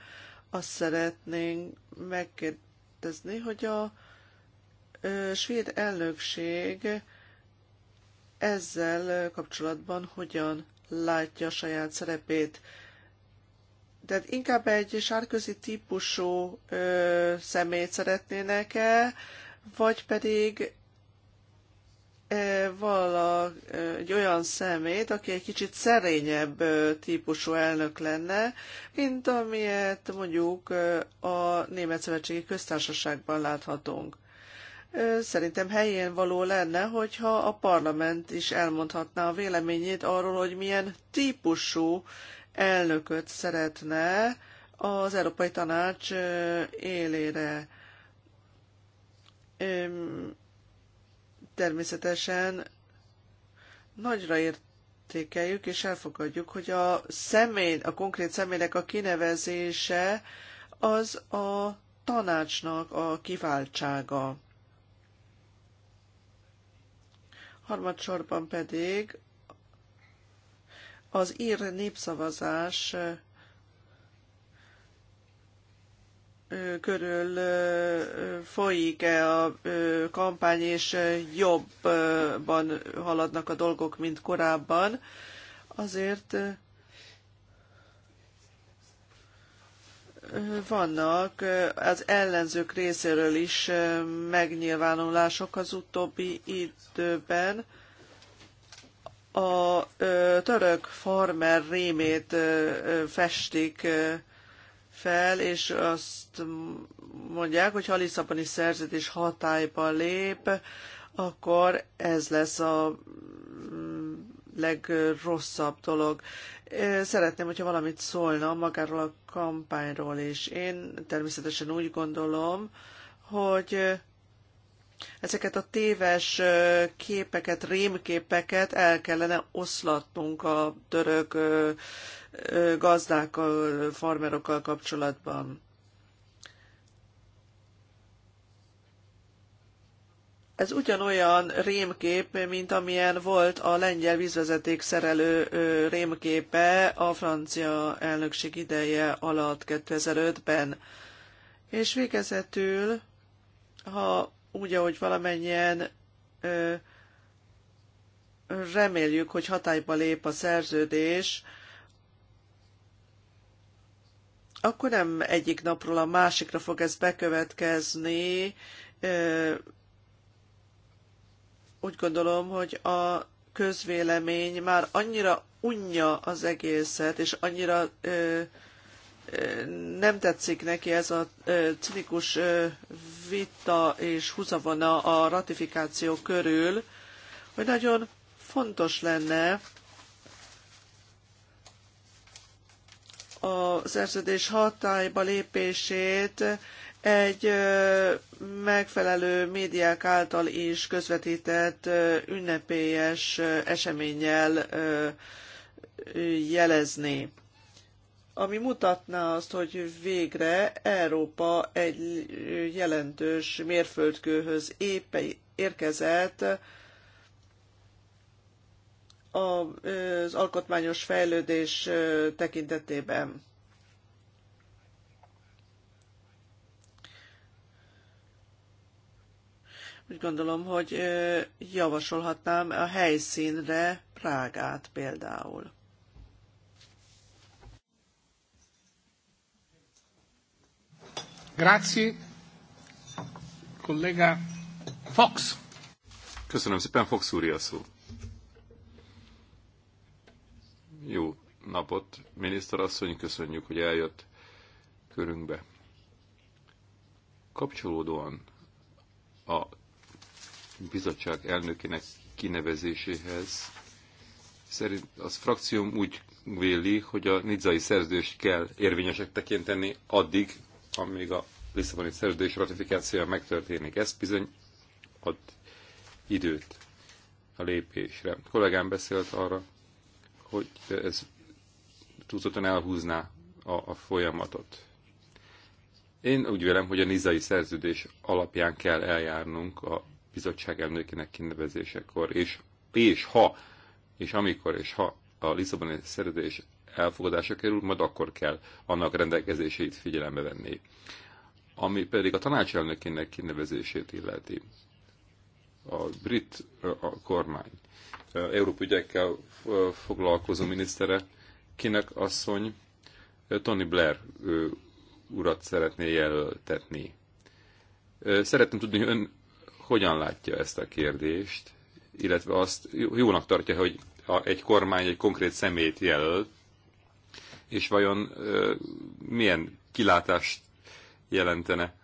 azt szeretnénk megkérdezni, hogy a svéd elnökség ezzel kapcsolatban hogyan látja a saját szerepét. Tehát inkább egy sárközi típusú ö, személyt szeretnének-e, vagy pedig ö, vala, ö, egy olyan szemét, aki egy kicsit szerényebb ö, típusú elnök lenne, mint amilyet mondjuk ö, a Német Szövetségi Köztársaságban láthatunk. Szerintem helyén való lenne, hogyha a parlament is elmondhatná a véleményét arról, hogy milyen típusú elnököt szeretne az Európai Tanács élére. Természetesen nagyra értékeljük és elfogadjuk, hogy a személy, a konkrét személynek a kinevezése az a tanácsnak a kiváltsága. Harmadsorban pedig az ír népszavazás körül folyik-e a kampány, és jobban haladnak a dolgok, mint korábban. Azért vannak az ellenzők részéről is megnyilvánulások az utóbbi időben. A török farmer rémét festik fel, és azt mondják, hogy ha a Lisszaboni szerződés hatályba lép, akkor ez lesz a legrosszabb dolog. Szeretném, hogyha valamit szólna magáról a kampányról is. Én természetesen úgy gondolom, hogy ezeket a téves képeket, rémképeket el kellene oszlatnunk a török gazdákkal, farmerokkal kapcsolatban. Ez ugyanolyan rémkép, mint amilyen volt a lengyel vízvezeték szerelő rémképe a francia elnökség ideje alatt 2005-ben. És végezetül, ha úgy, ahogy valamennyien reméljük, hogy hatályba lép a szerződés, akkor nem egyik napról a másikra fog ez bekövetkezni, úgy gondolom, hogy a közvélemény már annyira unja az egészet, és annyira ö, ö, nem tetszik neki ez a ö, cinikus ö, vita és húzavona a ratifikáció körül, hogy nagyon fontos lenne a szerződés hatályba lépését egy megfelelő médiák által is közvetített ünnepélyes eseménnyel jelezni ami mutatná azt, hogy végre Európa egy jelentős mérföldkőhöz épp érkezett az alkotmányos fejlődés tekintetében. Úgy gondolom, hogy javasolhatnám a helyszínre Prágát például. Grazie, kollega Fox. Köszönöm szépen, Fox úr, a szó. Jó napot, miniszterasszony, köszönjük, hogy eljött körünkbe. Kapcsolódóan a bizottság elnökének kinevezéséhez. Szerint az frakcióm úgy véli, hogy a nidzai szerződést kell érvényesek tekinteni addig, amíg a Lisszaboni szerződés ratifikációja megtörténik. Ez bizony ad időt a lépésre. A kollégám beszélt arra, hogy ez túlzottan elhúzná a, a folyamatot. Én úgy vélem, hogy a nizai szerződés alapján kell eljárnunk a bizottság elnökének kinevezésekor, és, és ha, és amikor, és ha a Lisszaboni szerződés elfogadása kerül, majd akkor kell annak rendelkezését figyelembe venni. Ami pedig a tanácselnökének kinevezését illeti. A brit a kormány, Európa ügyekkel foglalkozó minisztere, kinek asszony Tony Blair urat szeretné jelöltetni. Szeretném tudni, hogy ön hogyan látja ezt a kérdést, illetve azt jónak tartja, hogy egy kormány egy konkrét szemét jelöl, és vajon milyen kilátást jelentene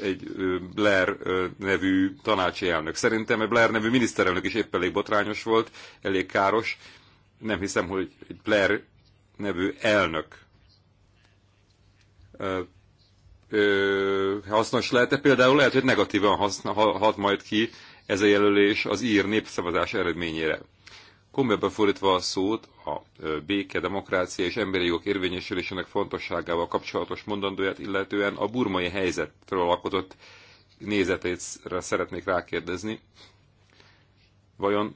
egy Blair nevű tanácsi elnök. Szerintem egy Blair nevű miniszterelnök is épp elég botrányos volt, elég káros. Nem hiszem, hogy egy Blair nevű elnök ö, hasznos lehet-e? Például lehet, hogy negatívan haszna, hat majd ki ez a jelölés az ír népszavazás eredményére. Komolyabban fordítva a szót, a béke, demokrácia és emberi jogok érvényesülésének fontosságával kapcsolatos mondandóját illetően a burmai helyzetről alkotott nézetét szeretnék rákérdezni. Vajon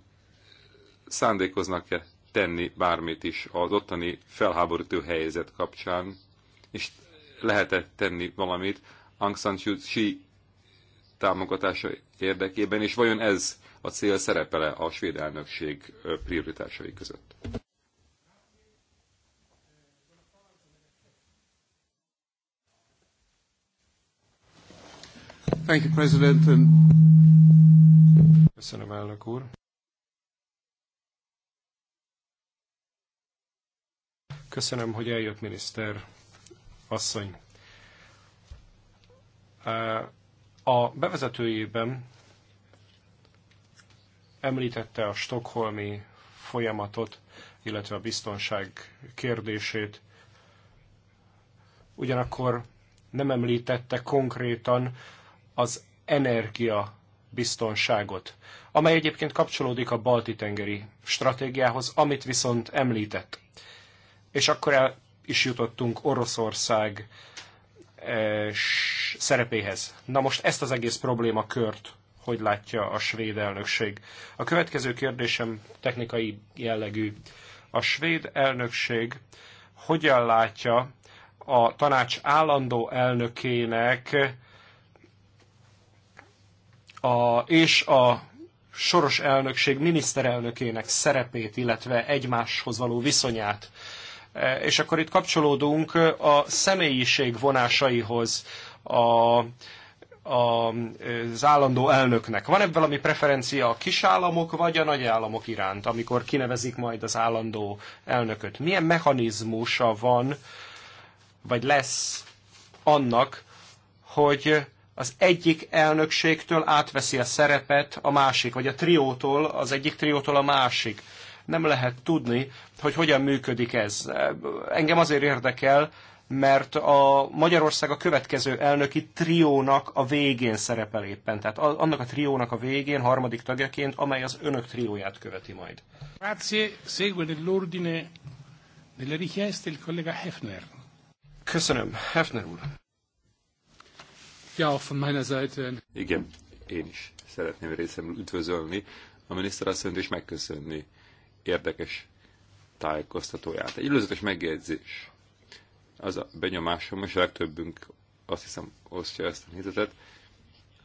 szándékoznak-e tenni bármit is az ottani felháborító helyzet kapcsán, és lehetett tenni valamit Aung San Suu Kyi támogatása érdekében, és vajon ez a cél szerepele a svéd elnökség prioritásai között? Thank you, President. Köszönöm, elnök úr. Köszönöm, hogy eljött miniszter asszony. A bevezetőjében említette a stokholmi folyamatot, illetve a biztonság kérdését. Ugyanakkor nem említette konkrétan az energia biztonságot, amely egyébként kapcsolódik a balti tengeri stratégiához, amit viszont említett. És akkor el is jutottunk Oroszország eh, szerepéhez. Na most ezt az egész problémakört hogy látja a svéd elnökség. A következő kérdésem technikai jellegű. A svéd elnökség hogyan látja a tanács állandó elnökének a, és a soros elnökség miniszterelnökének szerepét, illetve egymáshoz való viszonyát. Eh, és akkor itt kapcsolódunk eh, a személyiség vonásaihoz, a, a, az állandó elnöknek. Van ebben valami preferencia a kisállamok vagy a nagyállamok iránt, amikor kinevezik majd az állandó elnököt? Milyen mechanizmusa van, vagy lesz annak, hogy az egyik elnökségtől átveszi a szerepet a másik, vagy a triótól, az egyik triótól a másik nem lehet tudni, hogy hogyan működik ez. Engem azért érdekel, mert a Magyarország a következő elnöki triónak a végén szerepel éppen. Tehát annak a triónak a végén, harmadik tagjaként, amely az önök trióját követi majd. Köszönöm, Hefner úr. Ja, von meiner Seite. Igen, én is szeretném részemről üdvözölni a miniszterasszonyt és megköszönni érdekes tájékoztatóját. Egy előzetes megjegyzés. Az a benyomásom, és a legtöbbünk azt hiszem osztja ezt a nézetet,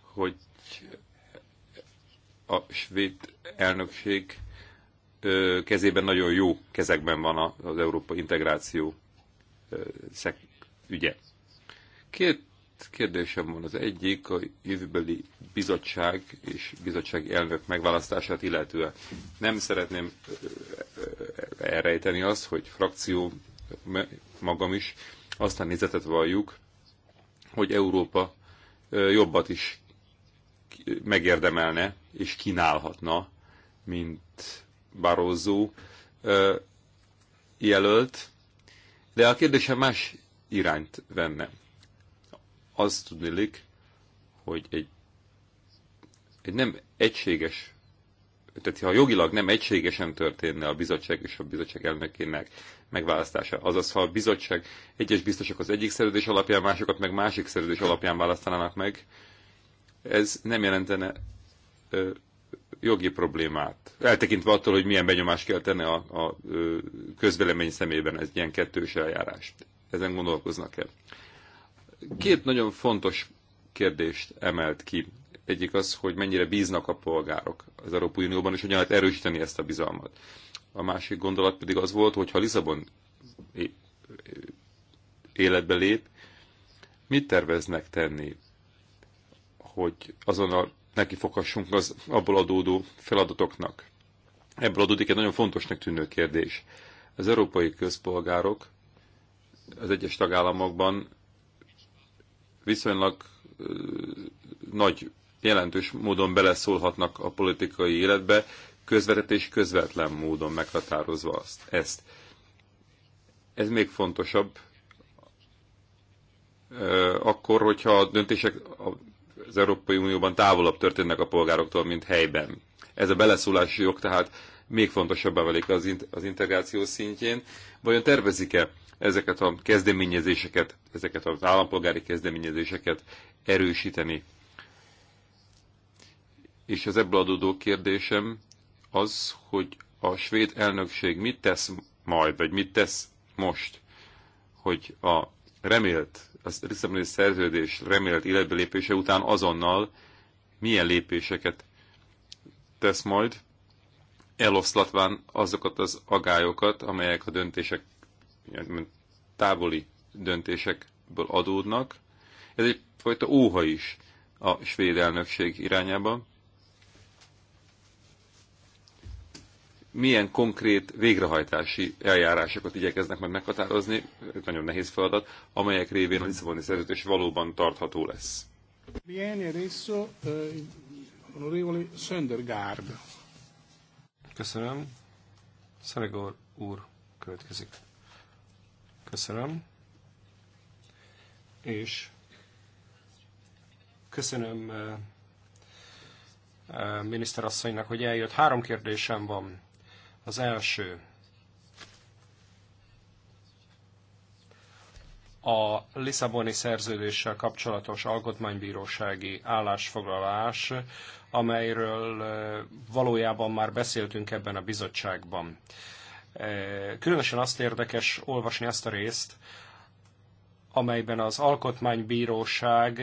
hogy a svéd elnökség kezében nagyon jó kezekben van az Európa integráció ügye. Két kérdésem van. Az egyik a jövőbeli bizottság és bizottság elnök megválasztását illetően. Nem szeretném elrejteni azt, hogy frakció, magam is, aztán nézetet valljuk, hogy Európa jobbat is megérdemelne és kínálhatna, mint Barroso jelölt, de a kérdésem más irányt venne az tudnilik, hogy egy, egy nem egységes, tehát ha jogilag nem egységesen történne a bizottság és a bizottság elnökének megválasztása, azaz ha a bizottság egyes biztosok az egyik szerződés alapján, másokat meg másik szerződés alapján választanának meg, ez nem jelentene ö, jogi problémát. Eltekintve attól, hogy milyen benyomást kell tenni a, a közvélemény szemében ez ilyen kettős eljárást. Ezen gondolkoznak el. Két nagyon fontos kérdést emelt ki. Egyik az, hogy mennyire bíznak a polgárok az Európai Unióban, és hogyan lehet erősíteni ezt a bizalmat. A másik gondolat pedig az volt, hogy ha Lisszabon életbe lép, mit terveznek tenni, hogy azonnal fokassunk az abból adódó feladatoknak. Ebből adódik egy nagyon fontosnak tűnő kérdés. Az európai közpolgárok az egyes tagállamokban viszonylag nagy, jelentős módon beleszólhatnak a politikai életbe, közvetett és közvetlen módon meghatározva azt, ezt. Ez még fontosabb akkor, hogyha a döntések az Európai Unióban távolabb történnek a polgároktól, mint helyben. Ez a beleszólási jog tehát még fontosabbá válik az, az integráció szintjén. Vajon tervezik-e ezeket a kezdeményezéseket, ezeket az állampolgári kezdeményezéseket erősíteni. És az ebből adódó kérdésem az, hogy a svéd elnökség mit tesz majd, vagy mit tesz most, hogy a remélt, a Lisszaboni szerződés remélt életbelépése után azonnal milyen lépéseket tesz majd, eloszlatván azokat az agályokat, amelyek a döntések távoli döntésekből adódnak. Ez egyfajta óha is a svéd elnökség irányába. Milyen konkrét végrehajtási eljárásokat igyekeznek majd meghatározni, ez nagyon nehéz feladat, amelyek révén a Lisszaboni szerződés valóban tartható lesz. E eh, Köszönöm. Szeregor úr következik. Köszönöm. És köszönöm eh, eh, miniszterasszonynak, hogy eljött. Három kérdésem van. Az első. A Lisszaboni szerződéssel kapcsolatos alkotmánybírósági állásfoglalás, amelyről eh, valójában már beszéltünk ebben a bizottságban. Különösen azt érdekes olvasni azt a részt, amelyben az Alkotmánybíróság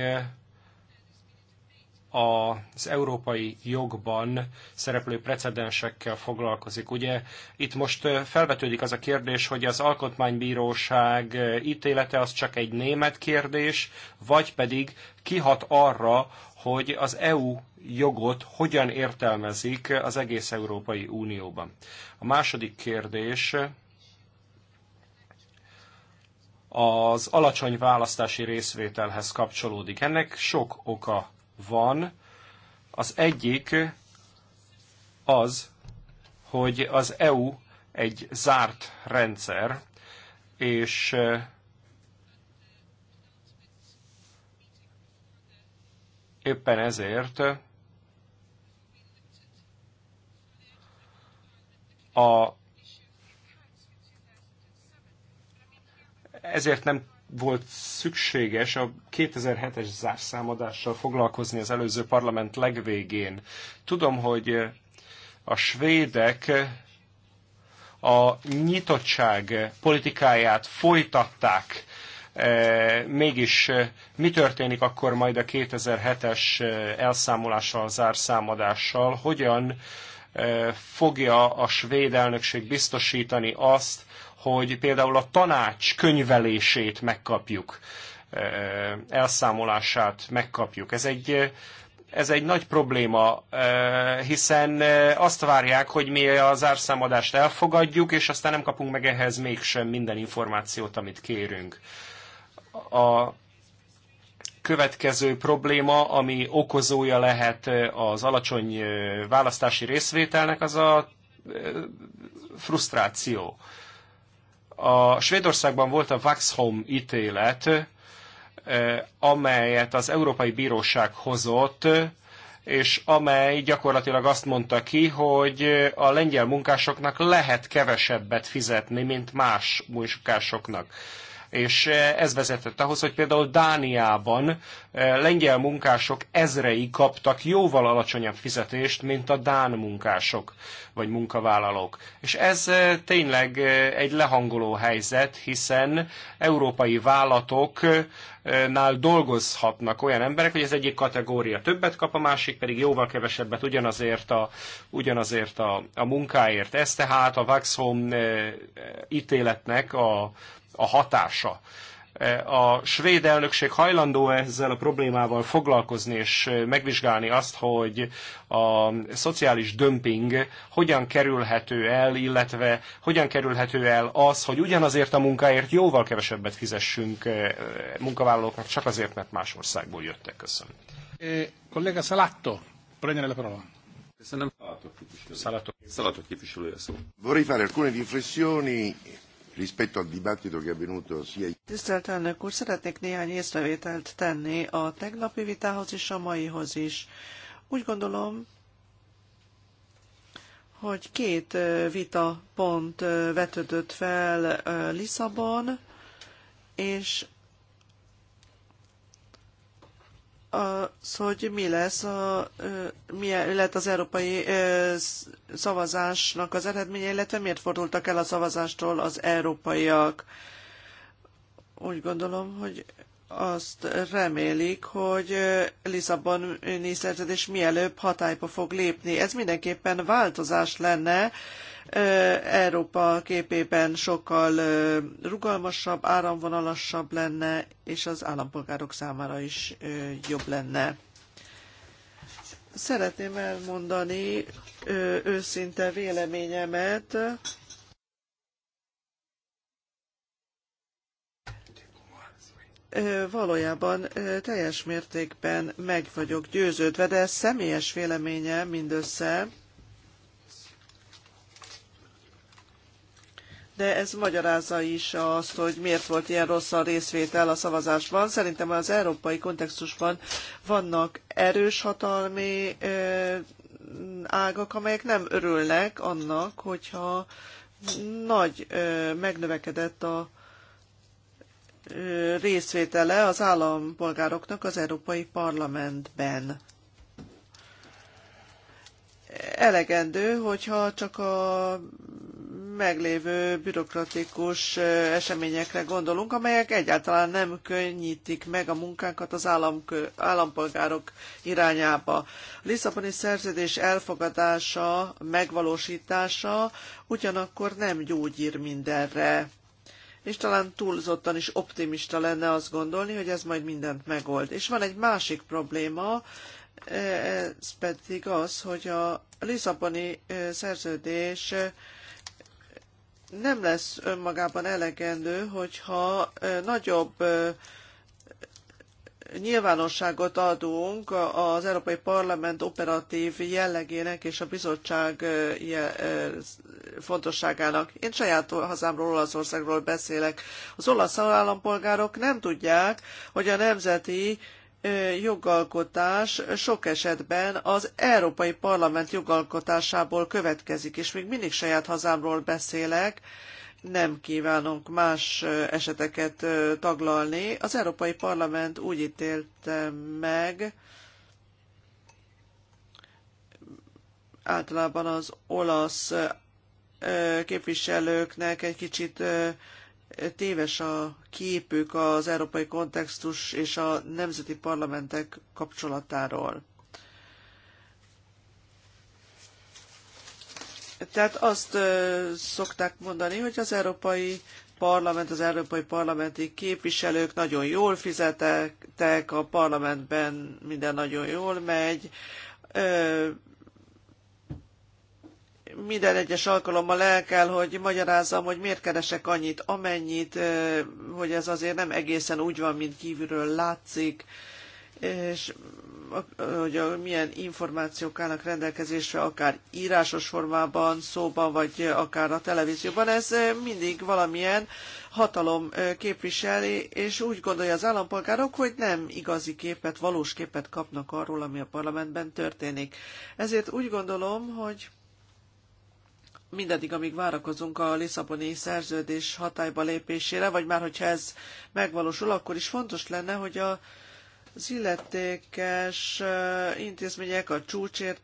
az európai jogban szereplő precedensekkel foglalkozik. Ugye itt most felvetődik az a kérdés, hogy az alkotmánybíróság ítélete az csak egy német kérdés, vagy pedig kihat arra, hogy az EU jogot hogyan értelmezik az egész Európai Unióban. A második kérdés az alacsony választási részvételhez kapcsolódik. Ennek sok oka van. Az egyik az, hogy az EU egy zárt rendszer, és éppen ezért A, ezért nem volt szükséges a 2007-es zárszámadással foglalkozni az előző parlament legvégén. Tudom, hogy a svédek a nyitottság politikáját folytatták, e, mégis e, mi történik akkor majd a 2007-es e, elszámolással, zárszámadással, hogyan fogja a svéd elnökség biztosítani azt, hogy például a tanács könyvelését megkapjuk, elszámolását megkapjuk. Ez egy ez egy nagy probléma, hiszen azt várják, hogy mi az árszámadást elfogadjuk, és aztán nem kapunk meg ehhez mégsem minden információt, amit kérünk. A következő probléma, ami okozója lehet az alacsony választási részvételnek, az a frusztráció. A Svédországban volt a Vaxholm ítélet, amelyet az Európai Bíróság hozott, és amely gyakorlatilag azt mondta ki, hogy a lengyel munkásoknak lehet kevesebbet fizetni, mint más munkásoknak. És eh, ez vezetett ahhoz, hogy például Dániában eh, lengyel munkások ezrei kaptak jóval alacsonyabb fizetést, mint a dán munkások vagy munkavállalók. És ez eh, tényleg egy lehangoló helyzet, hiszen európai vállalatok nál dolgozhatnak olyan emberek, hogy az egyik kategória többet kap, a másik pedig jóval kevesebbet ugyanazért a, ugyanazért a, a munkáért. Ez tehát a Vaxholm ítéletnek a a hatása. E, a svéd elnökség hajlandó -e ezzel a problémával foglalkozni és e, megvizsgálni azt, hogy a szociális dömping hogyan kerülhető el, illetve hogyan kerülhető el az, hogy ugyanazért a munkáért jóval kevesebbet fizessünk munkavállalóknak, csak azért, mert más országból jöttek. Köszönöm. Kollega Salatto, prendere la parola. Köszönöm. Salatto képviselője szó. Vorrei fare alcune riflessioni rispetto al dibattito che è avvenuto sia... Tisztelt elnök úr, szeretnék néhány észrevételt tenni a tegnapi vitához és a maihoz is. Úgy gondolom, hogy két vita pont vetődött fel Lisszabon, és az, hogy mi lesz a, mi lett az európai szavazásnak az eredménye, illetve miért fordultak el a szavazástól az európaiak. Úgy gondolom, hogy azt remélik, hogy Lisszabon szerződés mielőbb hatályba fog lépni. Ez mindenképpen változás lenne, Európa képében sokkal rugalmasabb, áramvonalasabb lenne, és az állampolgárok számára is jobb lenne. Szeretném elmondani őszinte véleményemet. Valójában teljes mértékben meg vagyok győződve, de ez személyes véleményem mindössze, de ez magyarázza is azt, hogy miért volt ilyen rossz a részvétel a szavazásban. Szerintem az európai kontextusban vannak erős hatalmi ágak, amelyek nem örülnek annak, hogyha nagy megnövekedett a részvétele az állampolgároknak az Európai Parlamentben. Elegendő, hogyha csak a meglévő bürokratikus eseményekre gondolunk, amelyek egyáltalán nem könnyítik meg a munkánkat az állampolgárok irányába. A Lisszaboni szerződés elfogadása, megvalósítása ugyanakkor nem gyógyír mindenre. És talán túlzottan is optimista lenne azt gondolni, hogy ez majd mindent megold. És van egy másik probléma, ez pedig az, hogy a Lisszaboni szerződés nem lesz önmagában elegendő, hogyha nagyobb nyilvánosságot adunk az Európai Parlament operatív jellegének és a bizottság fontosságának. Én saját hazámról, Olaszországról beszélek. Az olasz állampolgárok nem tudják, hogy a nemzeti jogalkotás sok esetben az Európai Parlament jogalkotásából következik, és még mindig saját hazámról beszélek, nem kívánunk más eseteket taglalni. Az Európai Parlament úgy ítélte meg, általában az olasz képviselőknek egy kicsit téves a képük az európai kontextus és a nemzeti parlamentek kapcsolatáról. Tehát azt szokták mondani, hogy az európai parlament, az európai parlamenti képviselők nagyon jól fizetettek, a parlamentben minden nagyon jól megy, minden egyes alkalommal el kell, hogy magyarázzam, hogy miért keresek annyit, amennyit, hogy ez azért nem egészen úgy van, mint kívülről látszik, és hogy milyen információk állnak rendelkezésre, akár írásos formában, szóban, vagy akár a televízióban. Ez mindig valamilyen hatalom képviseli, és úgy gondolja az állampolgárok, hogy nem igazi képet, valós képet kapnak arról, ami a parlamentben történik. Ezért úgy gondolom, hogy mindaddig, amíg várakozunk a Lisszaboni szerződés hatályba lépésére, vagy már hogyha ez megvalósul, akkor is fontos lenne, hogy a, az illetékes eh, intézmények a csúcsért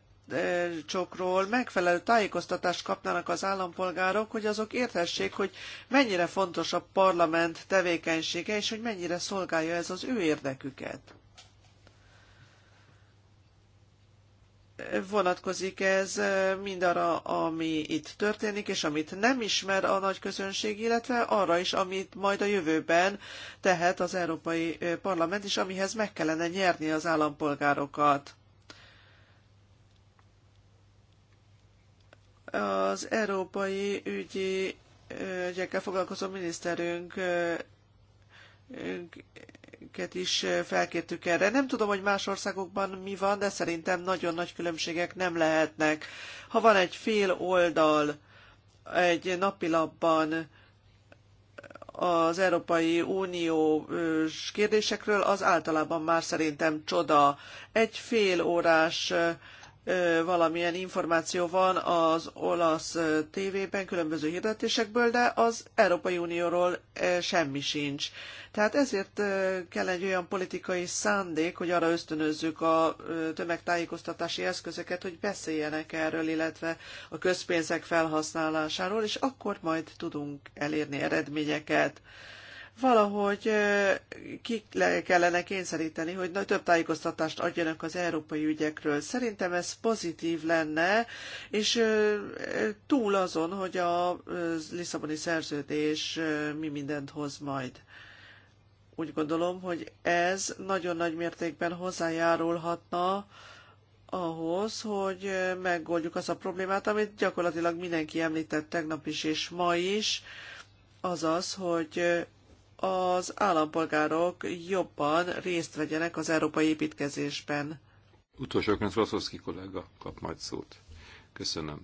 csokról megfelelő tájékoztatást kapnának az állampolgárok, hogy azok érthessék, hogy mennyire fontos a parlament tevékenysége, és hogy mennyire szolgálja ez az ő érdeküket. vonatkozik ez mind arra, ami itt történik, és amit nem ismer a nagy közönség, illetve arra is, amit majd a jövőben tehet az Európai Parlament, és amihez meg kellene nyerni az állampolgárokat. Az Európai Ügyi ügyekkel foglalkozó miniszterünk őket is felkértük erre. Nem tudom, hogy más országokban mi van, de szerintem nagyon nagy különbségek nem lehetnek. Ha van egy fél oldal egy napilapban az Európai Unió kérdésekről, az általában már szerintem csoda. Egy fél órás valamilyen információ van az olasz tévében, különböző hirdetésekből, de az Európai Unióról semmi sincs. Tehát ezért kell egy olyan politikai szándék, hogy arra ösztönözzük a tömegtájékoztatási eszközöket, hogy beszéljenek erről, illetve a közpénzek felhasználásáról, és akkor majd tudunk elérni eredményeket valahogy ki kellene kényszeríteni, hogy több tájékoztatást adjanak az európai ügyekről. Szerintem ez pozitív lenne, és túl azon, hogy a Lisszaboni szerződés mi mindent hoz majd úgy gondolom, hogy ez nagyon nagy mértékben hozzájárulhatna ahhoz, hogy megoldjuk azt a problémát, amit gyakorlatilag mindenki említett tegnap is és ma is, azaz, hogy az állampolgárok jobban részt vegyenek az európai építkezésben. Utolsóként Roszowski kollega kap majd szót. Köszönöm.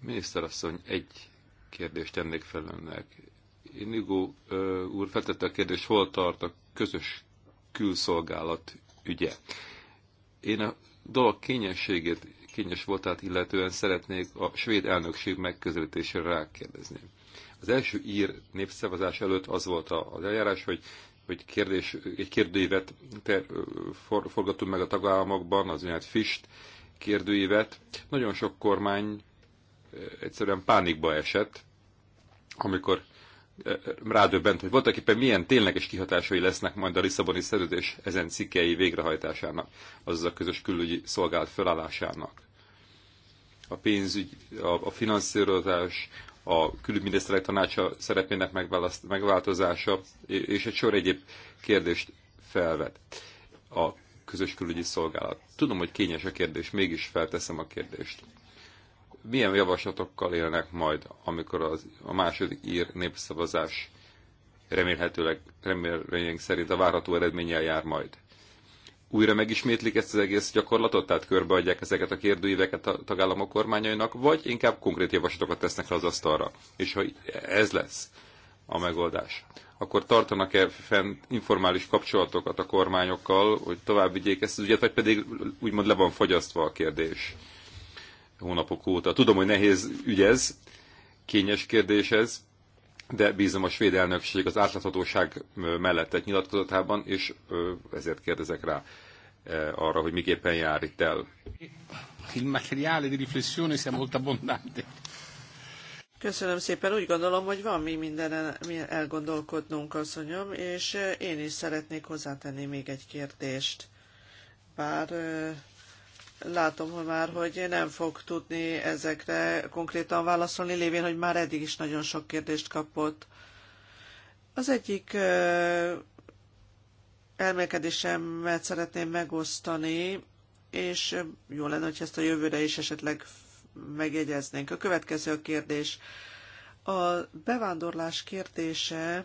Miniszterasszony, egy kérdést tennék fel önnek. Inigo úr feltette a kérdést, hol tart a közös külszolgálat ügye. Én a dolog kényességét, kényes voltát illetően szeretnék a svéd elnökség megközelítésére rákérdezni. Az első ír népszavazás előtt az volt az eljárás, hogy hogy kérdés, egy kérdőívet for, forgatunk meg a tagállamokban, az úgynevezett FIST kérdőívet. Nagyon sok kormány eh, egyszerűen pánikba esett, amikor eh, rádöbbent, hogy voltak éppen milyen tényleges kihatásai lesznek majd a Lisszaboni szerződés ezen cikkei végrehajtásának, azaz a közös külügyi szolgált felállásának. A pénzügy, a, a finanszírozás, a külügyminiszterek tanácsa szerepének megváltozása, és egy sor egyéb kérdést felvet a közös külügyi szolgálat. Tudom, hogy kényes a kérdés, mégis felteszem a kérdést. Milyen javaslatokkal élnek majd, amikor az, a második ír népszavazás remélhetőleg, remélményünk szerint a várható eredménnyel jár majd? újra megismétlik ezt az egész gyakorlatot, tehát körbeadják ezeket a kérdőíveket a tagállamok kormányainak, vagy inkább konkrét javaslatokat tesznek le az asztalra. És ha ez lesz a megoldás, akkor tartanak-e fenn informális kapcsolatokat a kormányokkal, hogy tovább vigyék ezt az ügyet, vagy pedig úgymond le van fogyasztva a kérdés hónapok óta. Tudom, hogy nehéz ügy ez, kényes kérdés ez, de bízom a svéd elnökség az átláthatóság mellett egy nyilatkozatában, és ezért kérdezek rá. Eh, arra, hogy miképpen jár itt el. Il materiale di riflessione sia molto abbondante. Köszönöm szépen. Úgy gondolom, hogy van mi minden elgondolkodnunk, asszonyom, és eh, én is szeretnék hozzátenni még egy kérdést. Bár eh, látom hogy már, hogy nem fog tudni ezekre konkrétan válaszolni, lévén, hogy már eddig is nagyon sok kérdést kapott. Az egyik elmélkedésemmel szeretném megosztani, és jó lenne, hogy ezt a jövőre is esetleg megjegyeznénk. A következő a kérdés. A bevándorlás kérdése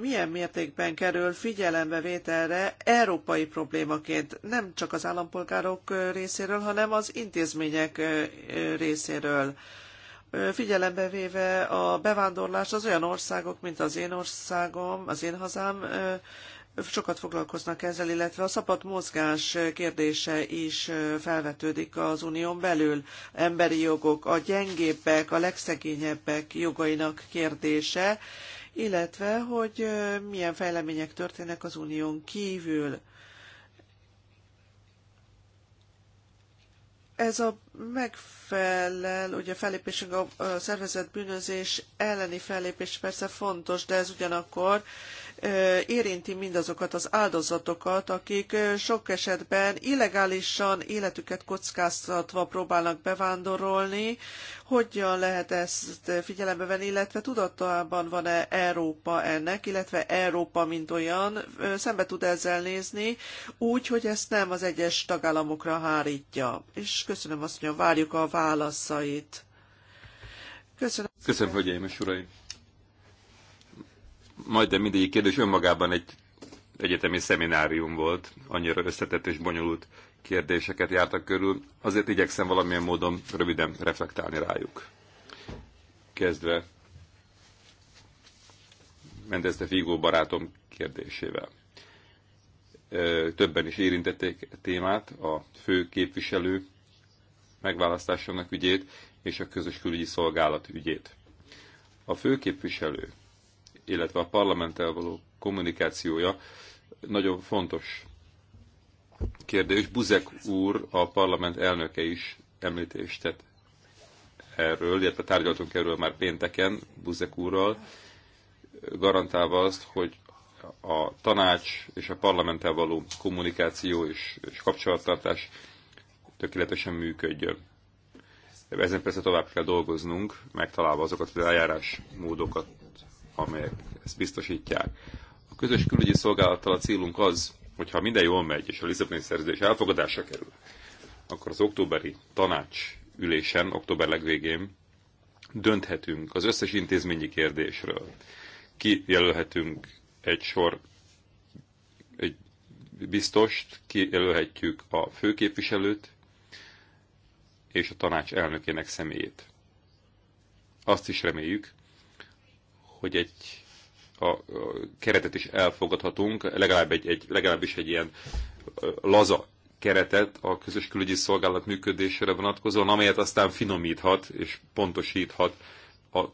milyen mértékben kerül figyelembe vételre európai problémaként, nem csak az állampolgárok részéről, hanem az intézmények részéről figyelembe véve a bevándorlás az olyan országok, mint az én országom, az én hazám, sokat foglalkoznak ezzel, illetve a szabad mozgás kérdése is felvetődik az unión belül. Emberi jogok, a gyengébbek, a legszegényebbek jogainak kérdése, illetve hogy milyen fejlemények történnek az unión kívül. Ez a megfelel, ugye fellépésünk a, a szervezett bűnözés elleni fellépés persze fontos, de ez ugyanakkor érinti mindazokat az áldozatokat, akik sok esetben illegálisan életüket kockáztatva próbálnak bevándorolni. Hogyan lehet ezt figyelembe venni, illetve tudatában van-e Európa ennek, illetve Európa, mint olyan, szembe tud ezzel nézni, úgy, hogy ezt nem az egyes tagállamokra hárítja. És köszönöm azt, hogy várjuk a válaszait. Köszönöm. Köszönöm, én is, uraim majdnem mindegyik kérdés önmagában egy egyetemi szeminárium volt, annyira összetett és bonyolult kérdéseket jártak körül, azért igyekszem valamilyen módon röviden reflektálni rájuk. Kezdve Mendezte Figó barátom kérdésével. Többen is érintették a e témát, a fő képviselő megválasztásának ügyét és a közös külügyi szolgálat ügyét. A főképviselő illetve a parlamenttel való kommunikációja nagyon fontos kérdés. Buzek úr, a parlament elnöke is említést tett erről, illetve tárgyaltunk erről már pénteken Buzek úrral, garantálva azt, hogy a tanács és a parlamenttel való kommunikáció és, és kapcsolattartás tökéletesen működjön. Ezen persze tovább kell dolgoznunk, megtalálva azokat az eljárásmódokat, amelyek ezt biztosítják. A közös külügyi szolgálattal a célunk az, hogyha minden jól megy, és a Lisszaboni szerződés elfogadásra kerül, akkor az októberi tanács ülésen, október legvégén dönthetünk az összes intézményi kérdésről. Kijelölhetünk egy sor, egy biztost, kijelölhetjük a főképviselőt és a tanács elnökének személyét. Azt is reméljük, hogy egy a, a keretet is elfogadhatunk, legalább egy, egy, legalábbis egy ilyen laza keretet a közös külügyi szolgálat működésére vonatkozóan, amelyet aztán finomíthat és pontosíthat a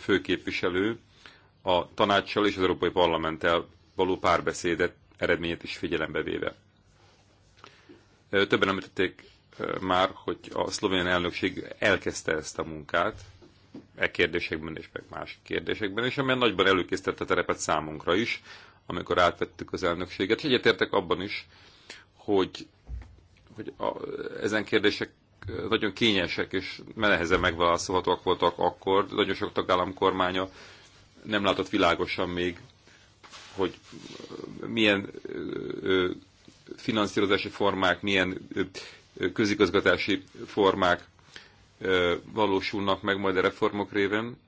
főképviselő a tanácssal és az Európai Parlamenttel való párbeszédet eredményét is figyelembe véve. Többen említették már, hogy a szlovén elnökség elkezdte ezt a munkát, e kérdésekben és meg más kérdésekben, és amely nagyban előkészítette a terepet számunkra is, amikor átvettük az elnökséget. És egyetértek abban is, hogy, hogy a, ezen kérdések nagyon kényesek és nehezen megválaszolhatóak voltak akkor. Nagyon sok tagállam kormánya nem látott világosan még, hogy milyen finanszírozási formák, milyen közigazgatási formák valósulnak meg majd a reformok réven.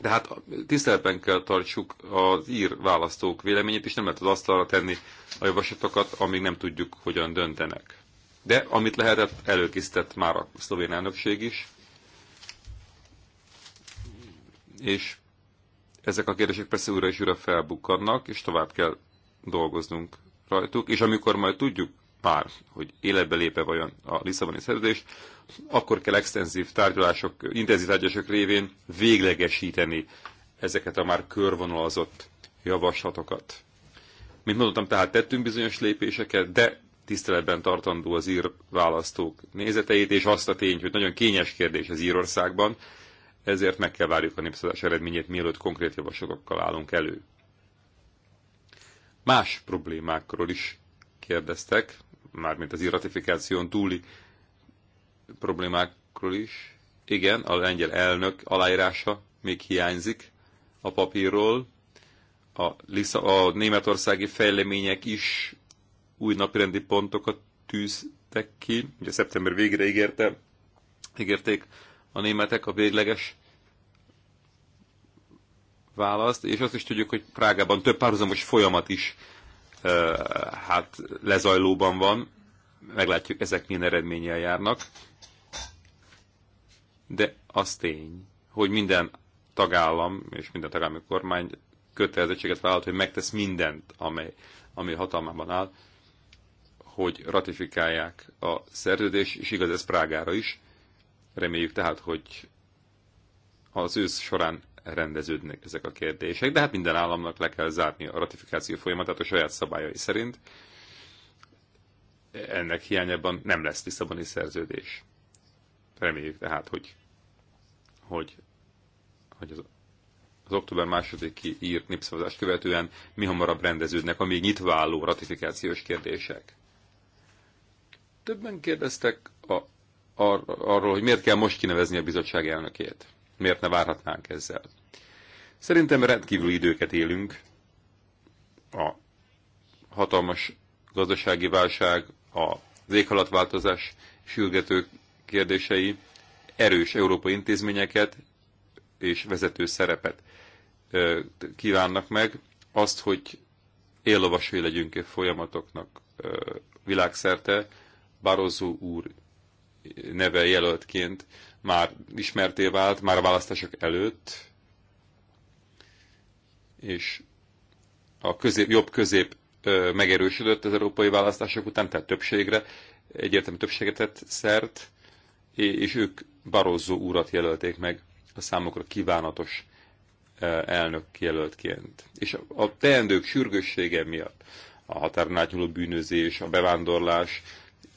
De hát tiszteletben kell tartsuk az ír választók véleményét, és nem lehet az asztalra tenni a javaslatokat, amíg nem tudjuk, hogyan döntenek. De amit lehetett, előkészített már a szlovén elnökség is. És ezek a kérdések persze újra és újra felbukkannak, és tovább kell dolgoznunk rajtuk. És amikor majd tudjuk, már, hogy életbe lépe vajon a Lisszaboni szerződés, akkor kell extenzív tárgyalások, intenzív tárgyalások révén véglegesíteni ezeket a már körvonalazott javaslatokat. Mint mondottam, tehát tettünk bizonyos lépéseket, de tiszteletben tartandó az ír választók nézeteit, és azt a tény, hogy nagyon kényes kérdés az Írországban, ezért meg kell várjuk a népszavazás eredményét, mielőtt konkrét javaslatokkal állunk elő. Más problémákról is kérdeztek, mármint az irratifikáción túli problémákról is. Igen, a lengyel elnök aláírása még hiányzik a papírról. A, Lisza, a németországi fejlemények is új napirendi pontokat tűztek ki. Ugye szeptember végre ígérte, ígérték a németek a végleges választ, és azt is tudjuk, hogy Prágában több párhuzamos folyamat is hát lezajlóban van, meglátjuk ezek milyen eredménnyel járnak, de az tény, hogy minden tagállam és minden tagállami kormány kötelezettséget vállalt, hogy megtesz mindent, amely, ami hatalmában áll, hogy ratifikálják a szerződést, és igaz ez Prágára is. Reméljük tehát, hogy az ősz során rendeződnek ezek a kérdések, de hát minden államnak le kell zárni a ratifikáció folyamatát a saját szabályai szerint. Ennek hiányában nem lesz Lisszaboni szerződés. Reméljük tehát, hogy, hogy, hogy az, az október második írt népszavazást követően mi hamarabb rendeződnek a még nyitva álló ratifikációs kérdések. Többen kérdeztek a, ar, arról, hogy miért kell most kinevezni a bizottság elnökét miért ne várhatnánk ezzel? Szerintem rendkívül időket élünk. A hatalmas gazdasági válság, a éghalatváltozás sürgető kérdései erős európai intézményeket és vezető szerepet kívánnak meg. Azt, hogy éllovasai legyünk e folyamatoknak világszerte, Barozó úr neve jelöltként már ismerté vált, már a választások előtt, és a közép, jobb-közép megerősödött az európai választások után, tehát többségre, egyértelmű többséget tett szert, és ők Barozzó úrat jelölték meg a számokra kívánatos elnök jelöltként. És a teendők sürgőssége miatt, a határnátnyúló bűnözés, a bevándorlás,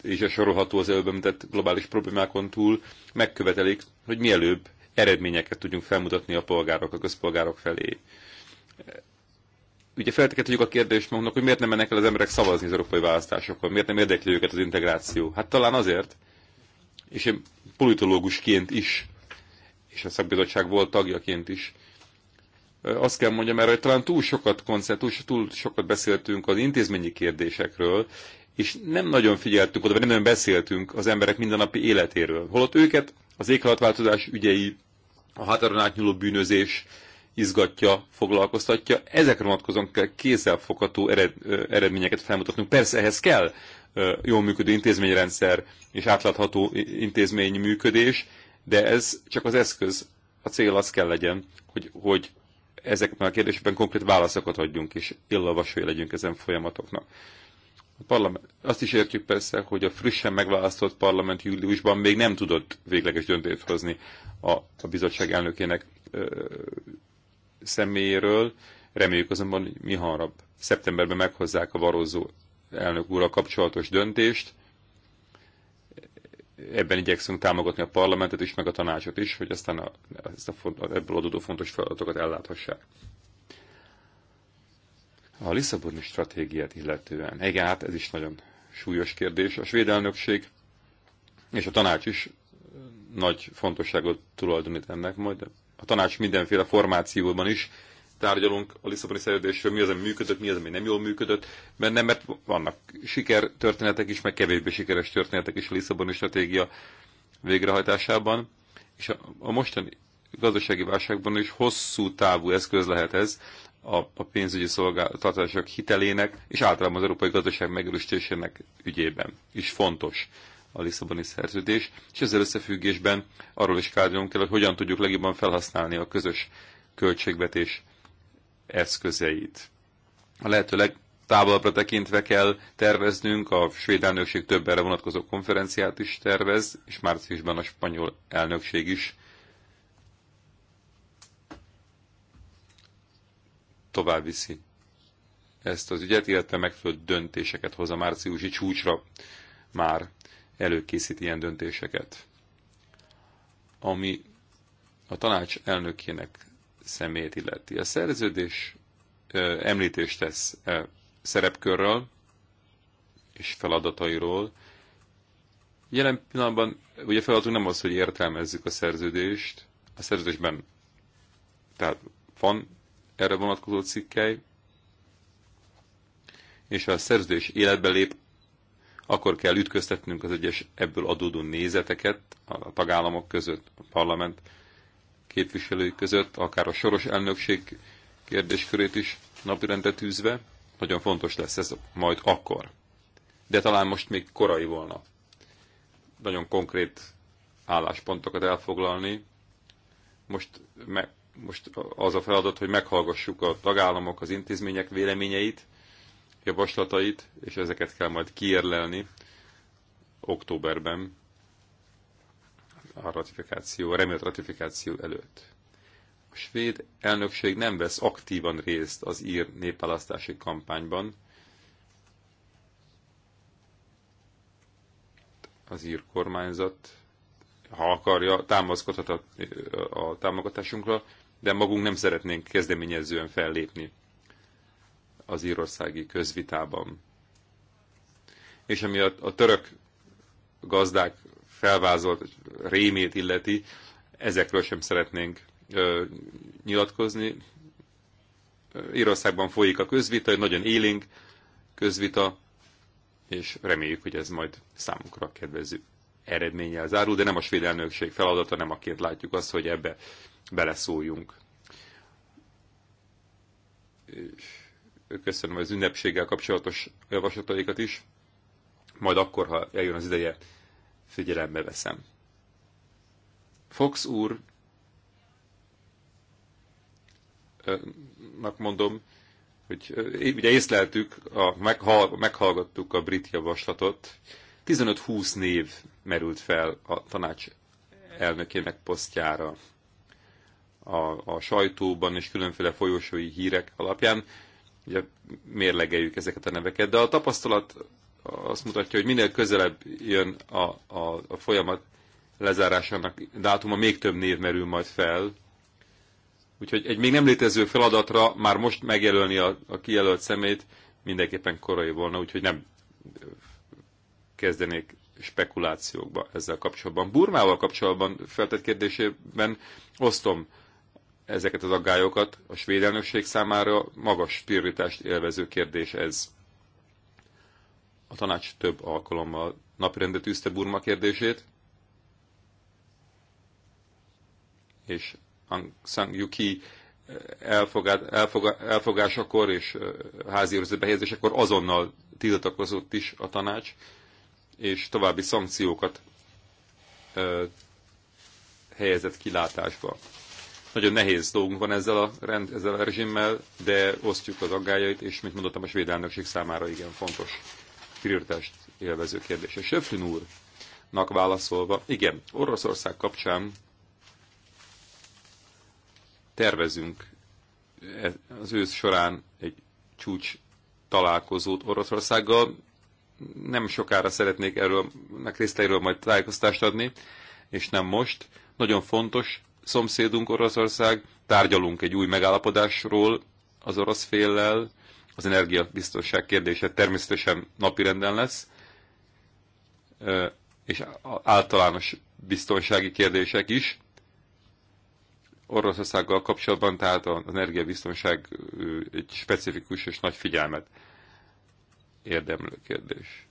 és a sorolható az előbb említett globális problémákon túl, megkövetelik, hogy mielőbb eredményeket tudjunk felmutatni a polgárok, a közpolgárok felé. Ugye feltekedhetjük a kérdést magunknak, hogy miért nem mennek el az emberek szavazni az európai választásokon, miért nem érdekli őket az integráció. Hát talán azért, és én politológusként is, és a szakbizottság volt tagjaként is, azt kell mondjam erre, hogy talán túl sokat koncert, túl, túl sokat beszéltünk az intézményi kérdésekről, és nem nagyon figyeltünk oda, vagy nem nagyon beszéltünk az emberek mindennapi életéről. Holott őket az éghajlatváltozás ügyei, a határon átnyúló bűnözés izgatja, foglalkoztatja. Ezekre vonatkozóan kell kézzelfogható ered, eredményeket felmutatnunk. Persze ehhez kell jól működő intézményrendszer és átlátható intézményi működés, de ez csak az eszköz. A cél az kell legyen, hogy, hogy ezekben a kérdésekben konkrét válaszokat adjunk, és illavasai legyünk ezen folyamatoknak. A parlament, azt is értjük persze, hogy a frissen megválasztott parlament júliusban még nem tudott végleges döntést hozni a, a bizottság elnökének ö, személyéről. Reméljük azonban, hogy mi hamarabb szeptemberben meghozzák a varozó elnök úrral kapcsolatos döntést. Ebben igyekszünk támogatni a parlamentet is, meg a tanácsot is, hogy aztán a, ezt a, ebből adódó fontos feladatokat elláthassák. A Lisszaboni stratégiát illetően, igen, hát ez is nagyon súlyos kérdés. A svéd elnökség és a tanács is nagy fontosságot tulajdonít ennek majd. A tanács mindenféle formációban is tárgyalunk a Lisszaboni szerződésről, mi az, ami működött, mi az, ami nem jól működött mert nem mert vannak sikertörténetek is, meg kevésbé sikeres történetek is a Lisszaboni stratégia végrehajtásában, és a, a mostani gazdasági válságban is hosszú távú eszköz lehet ez, a, a pénzügyi szolgáltatások hitelének és általában az európai gazdaság megerősítésének ügyében is fontos a Lisszaboni szerződés, és ezzel összefüggésben arról is kárgyalunk kell, hogy hogyan tudjuk legjobban felhasználni a közös költségvetés eszközeit. A lehető legtávolabbra tekintve kell terveznünk, a svéd elnökség több erre vonatkozó konferenciát is tervez, és márciusban a spanyol elnökség is tovább viszi ezt az ügyet, illetve megfelelő döntéseket hoz a márciusi csúcsra már előkészít ilyen döntéseket. Ami a tanács elnökének szemét illeti. A szerződés ö, említést tesz ö, szerepkörről és feladatairól. Jelen pillanatban ugye feladatunk nem az, hogy értelmezzük a szerződést. A szerződésben tehát van erre vonatkozó cikkei, és ha a szerződés életbe lép, akkor kell ütköztetnünk az egyes ebből adódó nézeteket a tagállamok között, a parlament képviselői között, akár a soros elnökség kérdéskörét is napirendre tűzve. Nagyon fontos lesz ez majd akkor. De talán most még korai volna nagyon konkrét álláspontokat elfoglalni. Most meg most az a feladat, hogy meghallgassuk a tagállamok, az intézmények véleményeit, javaslatait, és ezeket kell majd kiérlelni októberben a ratifikáció, a remélt ratifikáció előtt. A svéd elnökség nem vesz aktívan részt az ír népválasztási kampányban, az ír kormányzat, ha akarja, támaszkodhat a, a támogatásunkra, de magunk nem szeretnénk kezdeményezően fellépni az írországi közvitában. És ami a, a török gazdák felvázolt rémét illeti, ezekről sem szeretnénk ö, nyilatkozni. Írországban folyik a közvita, egy nagyon élénk közvita, és reméljük, hogy ez majd számukra kedvező eredménnyel zárul, de nem a svéd elnökség feladata, nem aként látjuk azt, hogy ebbe beleszóljunk. köszönöm az ünnepséggel kapcsolatos javaslataikat is, majd akkor, ha eljön az ideje, figyelembe veszem. Fox úr mondom, hogy eh, ugye észleltük, a, meghal, meghallgattuk a brit javaslatot, 15-20 név merült fel a tanács elnökének posztjára a, a sajtóban és különféle folyosói hírek alapján ugye mérlegeljük ezeket a neveket, de a tapasztalat azt mutatja, hogy minél közelebb jön a, a, a folyamat lezárásának dátuma, még több név merül majd fel. Úgyhogy egy még nem létező feladatra már most megjelölni a, a kijelölt szemét mindenképpen korai volna, úgyhogy nem kezdenék spekulációkba ezzel kapcsolatban. Burmával kapcsolatban feltett kérdésében osztom ezeket az aggályokat. A svéd elnökség számára magas prioritást élvező kérdés ez. A tanács több alkalommal napirendre tűzte Burma kérdését, és Aung San Suu Kyi eh, elfogásakor és eh, házi őrzetbe helyezésekor azonnal tiltakozott is a tanács, és további szankciókat eh, helyezett kilátásba. Nagyon nehéz dolgunk van ezzel a, rend, ezzel a rezsimmel, de osztjuk az aggájait, és mint mondottam, a svéd elnökség számára igen fontos prioritást élvező kérdése. Söflin úrnak válaszolva, igen, Oroszország kapcsán tervezünk e- az ősz során egy csúcs találkozót Oroszországgal. Nem sokára szeretnék erről, részleiről majd tájékoztást adni, és nem most. Nagyon fontos szomszédunk Oroszország, tárgyalunk egy új megállapodásról az orosz féllel, az energiabiztonság kérdése természetesen napirenden lesz, és általános biztonsági kérdések is. Oroszországgal kapcsolatban tehát az energiabiztonság egy specifikus és nagy figyelmet érdemlő kérdés.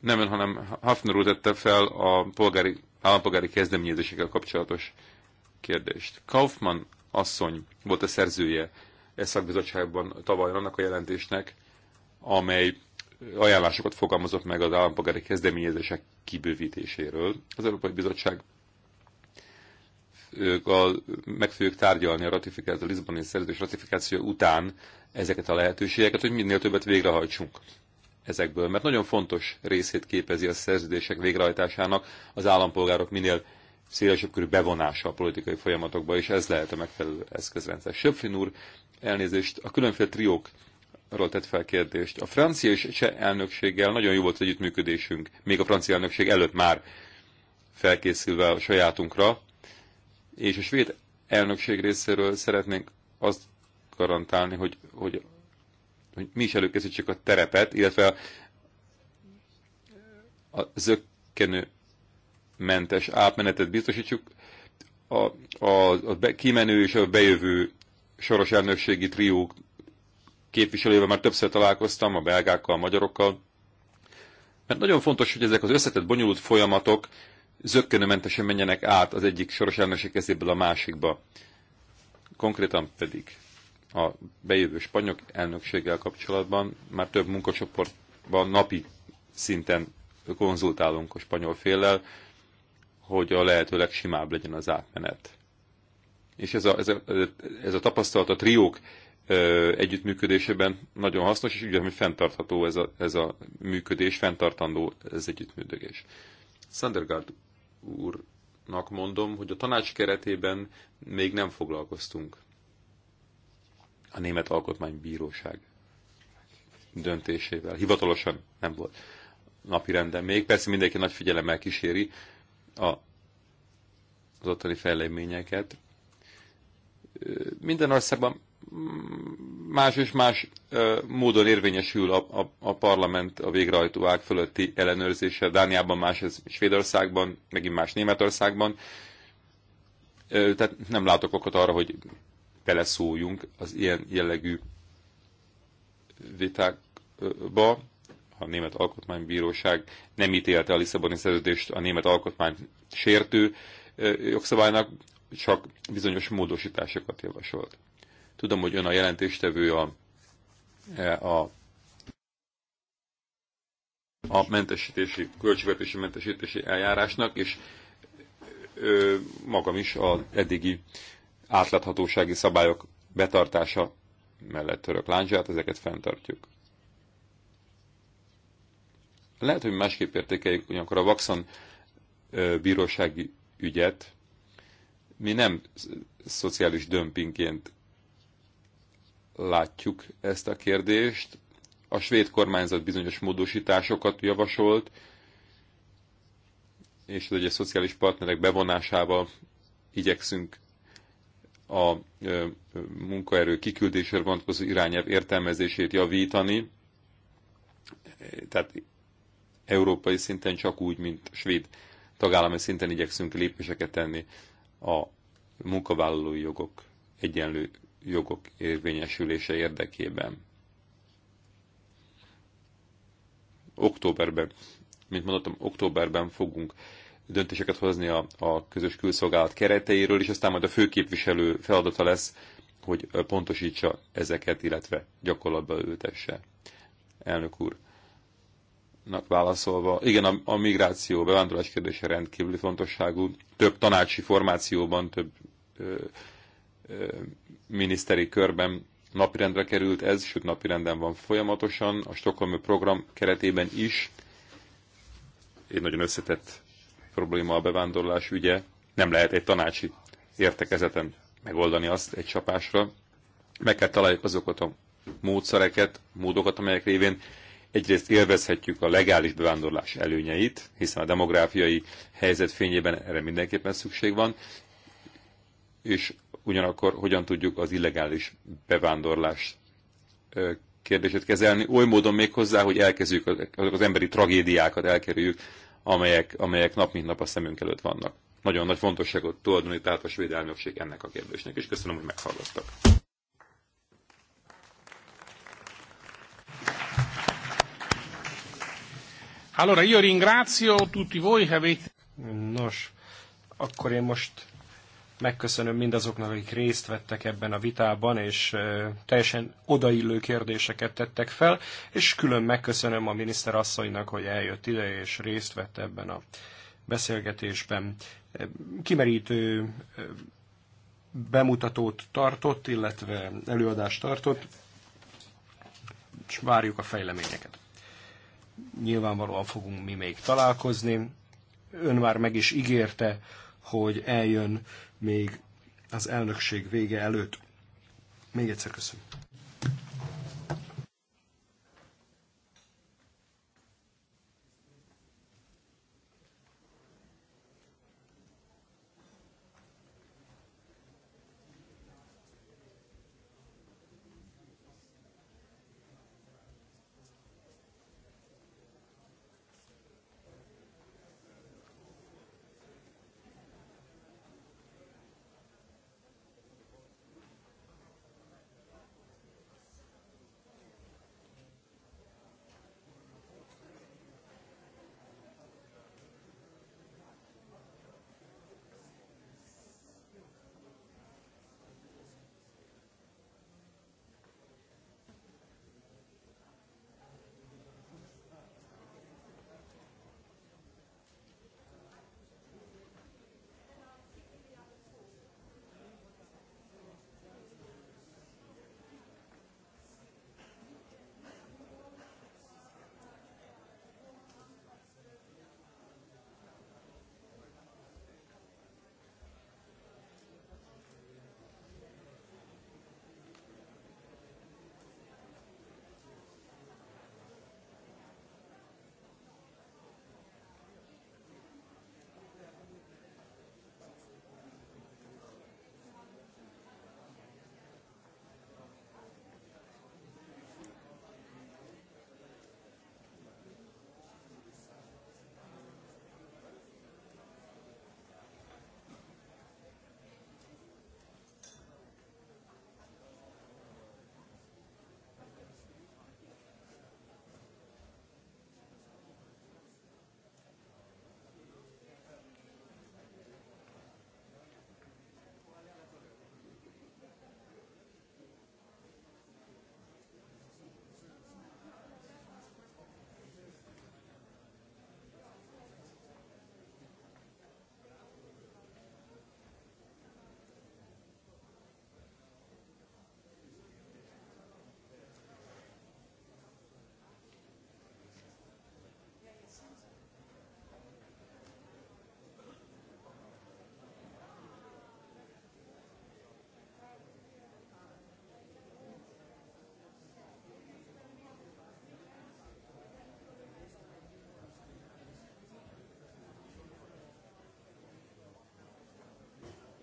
Nem ön, hanem Hafner úr tette fel a polgári állampolgári kezdeményezésekkel kapcsolatos kérdést. Kaufmann asszony volt a szerzője e szakbizottságban tavaly annak a jelentésnek, amely ajánlásokat fogalmazott meg az állampolgári kezdeményezések kibővítéséről. Az Európai Bizottság ők a, meg fogjuk tárgyalni a ratifikáció, a Lisboni szerződés ratifikáció után ezeket a lehetőségeket, hogy minél többet végrehajtsunk ezekből, mert nagyon fontos részét képezi a szerződések végrehajtásának az állampolgárok minél szélesebb körű bevonása a politikai folyamatokba, és ez lehet a megfelelő eszközrendszer. Söpfin úr, elnézést, a különféle triók arról tett fel kérdést. A francia és cseh elnökséggel nagyon jó volt az együttműködésünk, még a francia elnökség előtt már felkészülve a sajátunkra, és a svéd elnökség részéről szeretnénk azt garantálni, hogy, hogy hogy mi is előkészítsük a terepet, illetve a, a zökkenő mentes átmenetet biztosítsuk, a, a, a be, kimenő és a bejövő soros elnökségi trió képviselővel már többször találkoztam, a belgákkal, a magyarokkal, mert nagyon fontos, hogy ezek az összetett, bonyolult folyamatok zöggenőmentesen menjenek át az egyik soros elnökség kezéből a másikba. Konkrétan pedig a bejövő spanyol elnökséggel kapcsolatban már több munkacsoportban napi szinten konzultálunk a spanyol féllel, hogy a lehető legsimább legyen az átmenet. És ez a, ez a, ez a tapasztalat a triók ö, együttműködésében nagyon hasznos, és ügyelem, hogy fenntartható ez a, ez a működés, fenntartandó ez együttműködés. Sandergaard úrnak mondom, hogy a tanács keretében még nem foglalkoztunk a Német Alkotmánybíróság döntésével. Hivatalosan nem volt napirenden még. Persze mindenki nagy figyelemmel kíséri a, az ottani fejleményeket. Minden országban más és más módon érvényesül a, a, a parlament a végrehajtó ág fölötti ellenőrzése. Dániában más ez Svédországban, megint más Németországban. Tehát nem látok okot arra, hogy beleszóljunk az ilyen jellegű vitákba. A Német Alkotmánybíróság nem ítélte a Lisszaboni szerződést a német alkotmány sértő jogszabálynak, csak bizonyos módosításokat javasolt. Tudom, hogy ön a jelentéstevő a, e, a a mentesítési, költségvetési mentesítési eljárásnak, és ö, magam is az eddigi átláthatósági szabályok betartása mellett török láncsát, ezeket fenntartjuk. Lehet, hogy másképp értékeljük ugyanakkor a Vaxon bírósági ügyet, mi nem szociális dömpingként látjuk ezt a kérdést. A svéd kormányzat bizonyos módosításokat javasolt, és az ugye szociális partnerek bevonásával igyekszünk a munkaerő kiküldésére vonatkozó irányelv értelmezését javítani, tehát európai szinten csak úgy, mint svéd tagállami szinten igyekszünk lépéseket tenni a munkavállalói jogok, egyenlő jogok érvényesülése érdekében. Októberben, mint mondottam, októberben fogunk döntéseket hozni a, a közös külszolgálat kereteiről, és aztán majd a főképviselő feladata lesz, hogy pontosítsa ezeket, illetve gyakorlatba ültesse. Elnök úr válaszolva, igen, a, a migráció, bevándorlás kérdése rendkívül fontosságú. Több tanácsi formációban, több ö, ö, miniszteri körben napirendre került ez, sőt napirenden van folyamatosan, a Stockholm program keretében is. Egy nagyon összetett probléma a bevándorlás ügye, nem lehet egy tanácsi értekezeten megoldani azt egy csapásra. Meg kell találjuk azokat a módszereket, módokat, amelyek révén egyrészt élvezhetjük a legális bevándorlás előnyeit, hiszen a demográfiai helyzet fényében erre mindenképpen szükség van, és ugyanakkor hogyan tudjuk az illegális bevándorlás kérdését kezelni, oly módon még hozzá, hogy elkezdjük azok az emberi tragédiákat elkerüljük, amelyek, amelyek nap mint nap a szemünk előtt vannak. Nagyon nagy fontosságot tulajdoni, tehát a svéd elnökség ennek a kérdésnek, és köszönöm, hogy meghallgattak. Allora, io ringrazio tutti voi che avete... Nos, akkor én most Megköszönöm mindazoknak, akik részt vettek ebben a vitában, és teljesen odaillő kérdéseket tettek fel, és külön megköszönöm a miniszter asszonynak, hogy eljött ide és részt vett ebben a beszélgetésben. Kimerítő bemutatót tartott, illetve előadást tartott, és várjuk a fejleményeket. Nyilvánvalóan fogunk mi még találkozni. Ön már meg is ígérte, hogy eljön még az elnökség vége előtt. Még egyszer köszönöm.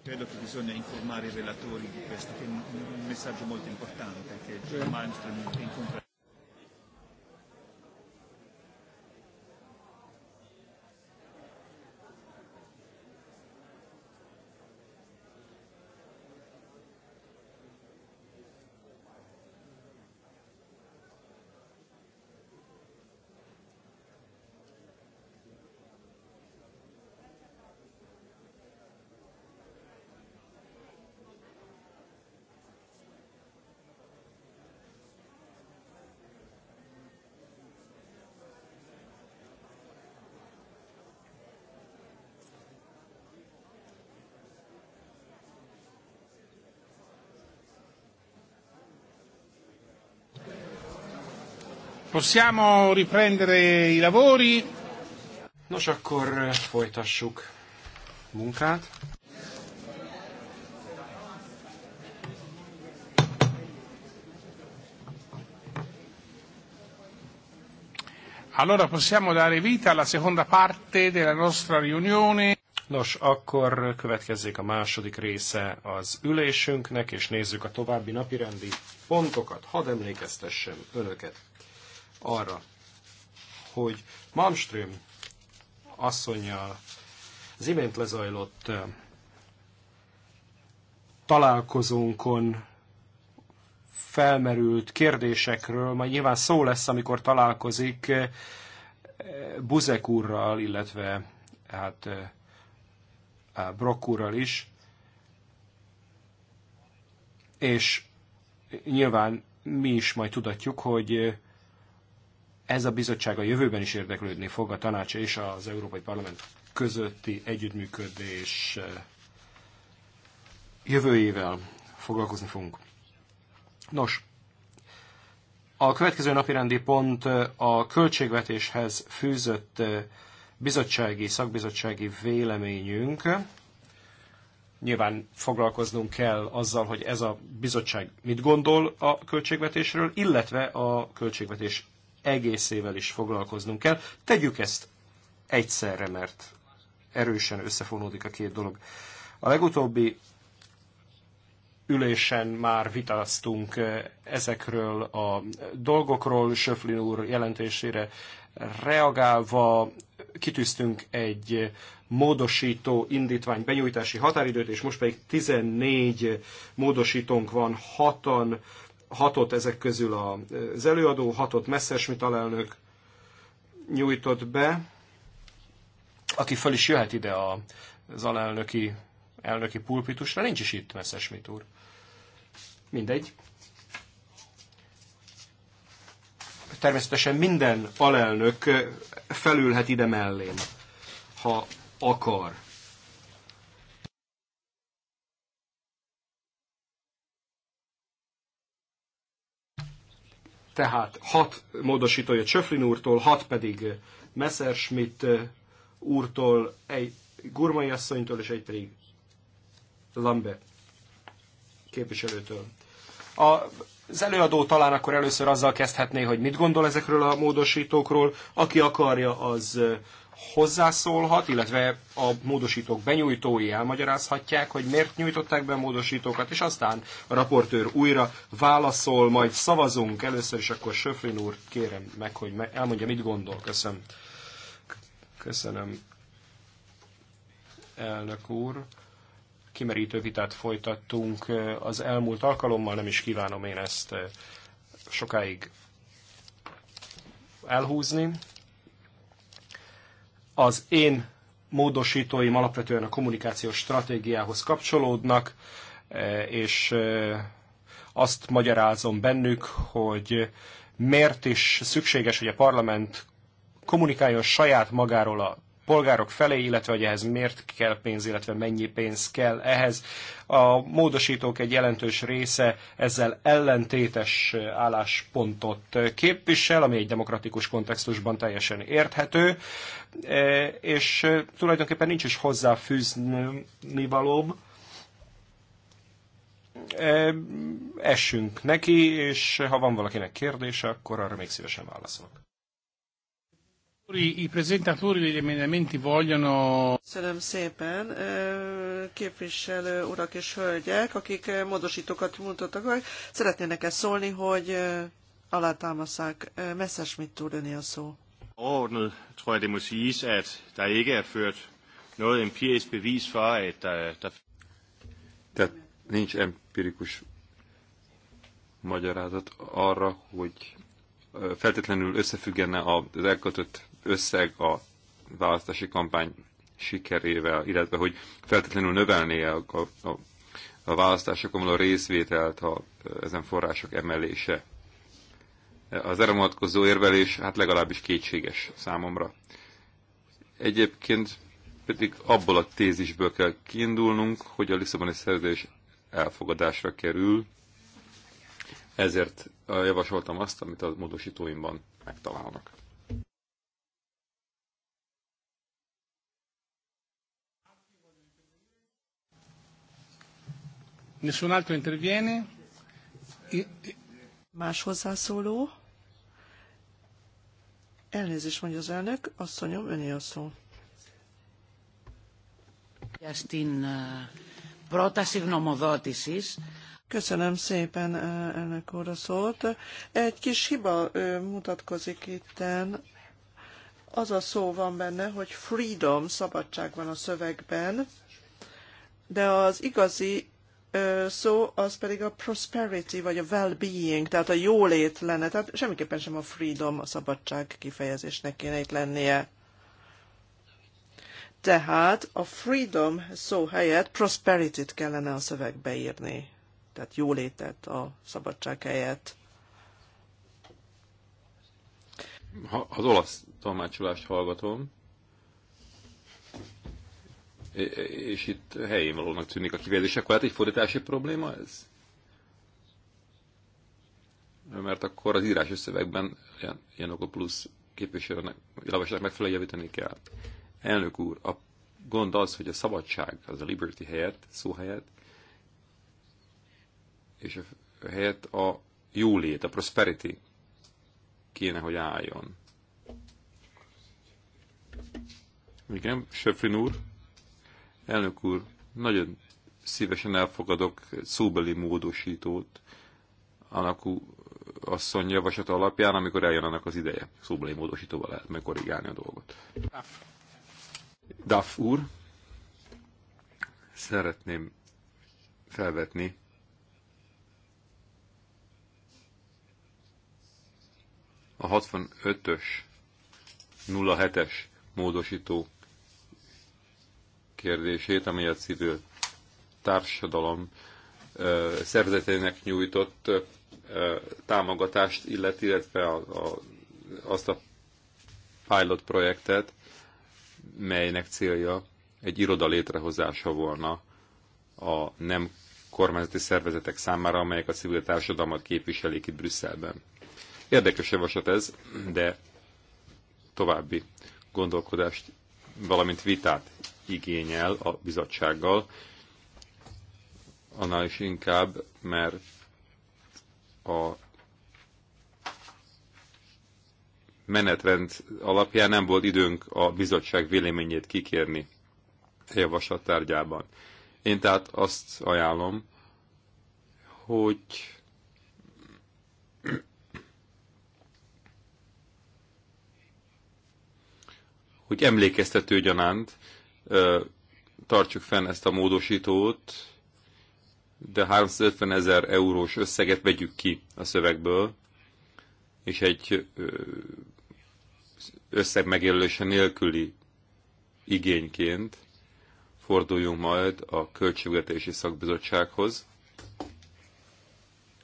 credo che bisogna informare i relatori di questo, che è un messaggio molto importante che Germania incontra. Possiamo riprendere i lavori. Nos, akkor eh, folytassuk munkát. Allora possiamo dare vita alla seconda parte della nostra riunione. Nos, akkor következzék a második része az ülésünknek, és nézzük a további napirendi pontokat. Hadd emlékeztessem önöket arra, hogy Malmström asszonyjal az imént lezajlott találkozónkon felmerült kérdésekről, majd nyilván szó lesz, amikor találkozik Buzek úrral, illetve hát Brock úrral is, és nyilván mi is majd tudatjuk, hogy ez a bizottság a jövőben is érdeklődni fog a tanács és az Európai Parlament közötti együttműködés eh, jövőjével foglalkozni fogunk. Nos, a következő napirendi pont eh, a költségvetéshez fűzött eh, bizottsági, szakbizottsági véleményünk. Nyilván foglalkoznunk kell azzal, hogy ez a bizottság mit gondol a költségvetésről, illetve a költségvetés egészével is foglalkoznunk kell. Tegyük ezt egyszerre, mert erősen összefonódik a két dolog. A legutóbbi ülésen már vitáztunk eh, ezekről a dolgokról, Söflin úr jelentésére reagálva kitűztünk egy módosító indítvány benyújtási határidőt, és most pedig 14 módosítónk van, hatan hatot ezek közül az előadó, hatot Messerschmitt alelnök nyújtott be, aki föl is jöhet ide az alelnöki elnöki pulpitusra, nincs is itt Messerschmitt úr. Mindegy. Természetesen minden alelnök felülhet ide mellém, ha akar. Tehát hat módosítója Csöflin úrtól, hat pedig Messerschmitt eh, úrtól, egy Gurmai asszonytól és egy pedig Lambe képviselőtől. A az előadó talán akkor először azzal kezdhetné, hogy mit gondol ezekről a módosítókról. Aki akarja, az eh, hozzászólhat, illetve a módosítók benyújtói elmagyarázhatják, hogy miért nyújtották be a módosítókat, és aztán a raportőr újra válaszol, majd szavazunk. Először és akkor Söflin úr kérem meg, hogy elmondja, mit gondol. Köszönöm. Köszönöm, elnök úr. Kimerítő vitát folytattunk az elmúlt alkalommal, nem is kívánom én ezt sokáig elhúzni az én módosítóim alapvetően a kommunikációs stratégiához kapcsolódnak, e, és e, azt magyarázom bennük, hogy miért is szükséges, hogy a parlament kommunikáljon saját magáról a polgárok felé, illetve hogy ehhez miért kell pénz, illetve mennyi pénz kell ehhez. A módosítók egy jelentős része ezzel ellentétes álláspontot képvisel, ami egy demokratikus kontextusban teljesen érthető, e, és e, tulajdonképpen nincs is hozzáfűzni valóbb, e, essünk neki, és ha van valakinek kérdése, akkor arra még szívesen válaszolok. I presentatori degli emendamenti vogliono... Köszönöm szépen, képviselő urak és hölgyek, akik módosítókat mutattak meg, szeretnének ezt szólni, hogy alátámaszák. Messzes mit tud önni a szó. Overordnet tror jeg, det må siges, at der ikke er ført noget empirisk bevis for, at der... der... Tehát nincs empirikus magyarázat arra, hogy feltétlenül összefüggene az elkötött összeg a választási kampány sikerével, illetve hogy feltétlenül növelné a, a, a választásokon való részvételt a, ezen források emelése. Az erre vonatkozó érvelés hát legalábbis kétséges számomra. Egyébként pedig abból a tézisből kell kiindulnunk, hogy a Lisszaboni szerződés elfogadásra kerül, ezért javasoltam azt, amit a módosítóimban megtalálnak. Nessun altro interviene? Más hozzászóló? Elnézést mondja az elnök, asszonyom, öné a szó. Uh, Köszönöm szépen, uh, elnök úr, a szót. Egy kis hiba uh, mutatkozik itten. Az a szó van benne, hogy freedom, szabadság van a szövegben, de az igazi szó, az pedig a prosperity, vagy a well-being, tehát a jólét lenne, tehát semmiképpen sem a freedom, a szabadság kifejezésnek kéne itt lennie. Tehát a freedom szó helyett prosperity-t kellene a szövegbe írni, tehát jólétet a szabadság helyett. Ha az olasz tolmácsolást hallgatom, és itt helyén valónak tűnik a kifejezés. Akkor hát egy fordítási probléma ez? Mert akkor az írásos szövegben plusz képviselőnek javaslatnak megfelelően javítani kell. Elnök úr, a gond az, hogy a szabadság, az a liberty helyett, szó helyett, és a helyett a jólét, a prosperity kéne, hogy álljon. Igen, Söfrin úr? Elnök úr, nagyon szívesen elfogadok szóbeli módosítót annak asszony javaslata alapján, amikor eljön annak az ideje. Szóbeli módosítóval lehet megkorrigálni a dolgot. Duff. Duff úr, szeretném felvetni a 65-ös 07-es módosító kérdését, amely a civil társadalom szervezetének nyújtott támogatást illeti, illetve a, a, azt a pilot projektet, melynek célja egy iroda létrehozása volna a nem kormányzati szervezetek számára, amelyek a civil társadalmat képviselik itt Brüsszelben. Érdekes javaslat ez, de további gondolkodást, valamint vitát igényel a bizottsággal, annál is inkább, mert a menetrend alapján nem volt időnk a bizottság véleményét kikérni a javaslat tárgyában. Én tehát azt ajánlom, hogy hogy emlékeztető gyanánt tartsuk fenn ezt a módosítót, de 350 ezer eurós összeget vegyük ki a szövegből, és egy összeg megjelölése nélküli igényként forduljunk majd a Költségvetési Szakbizottsághoz,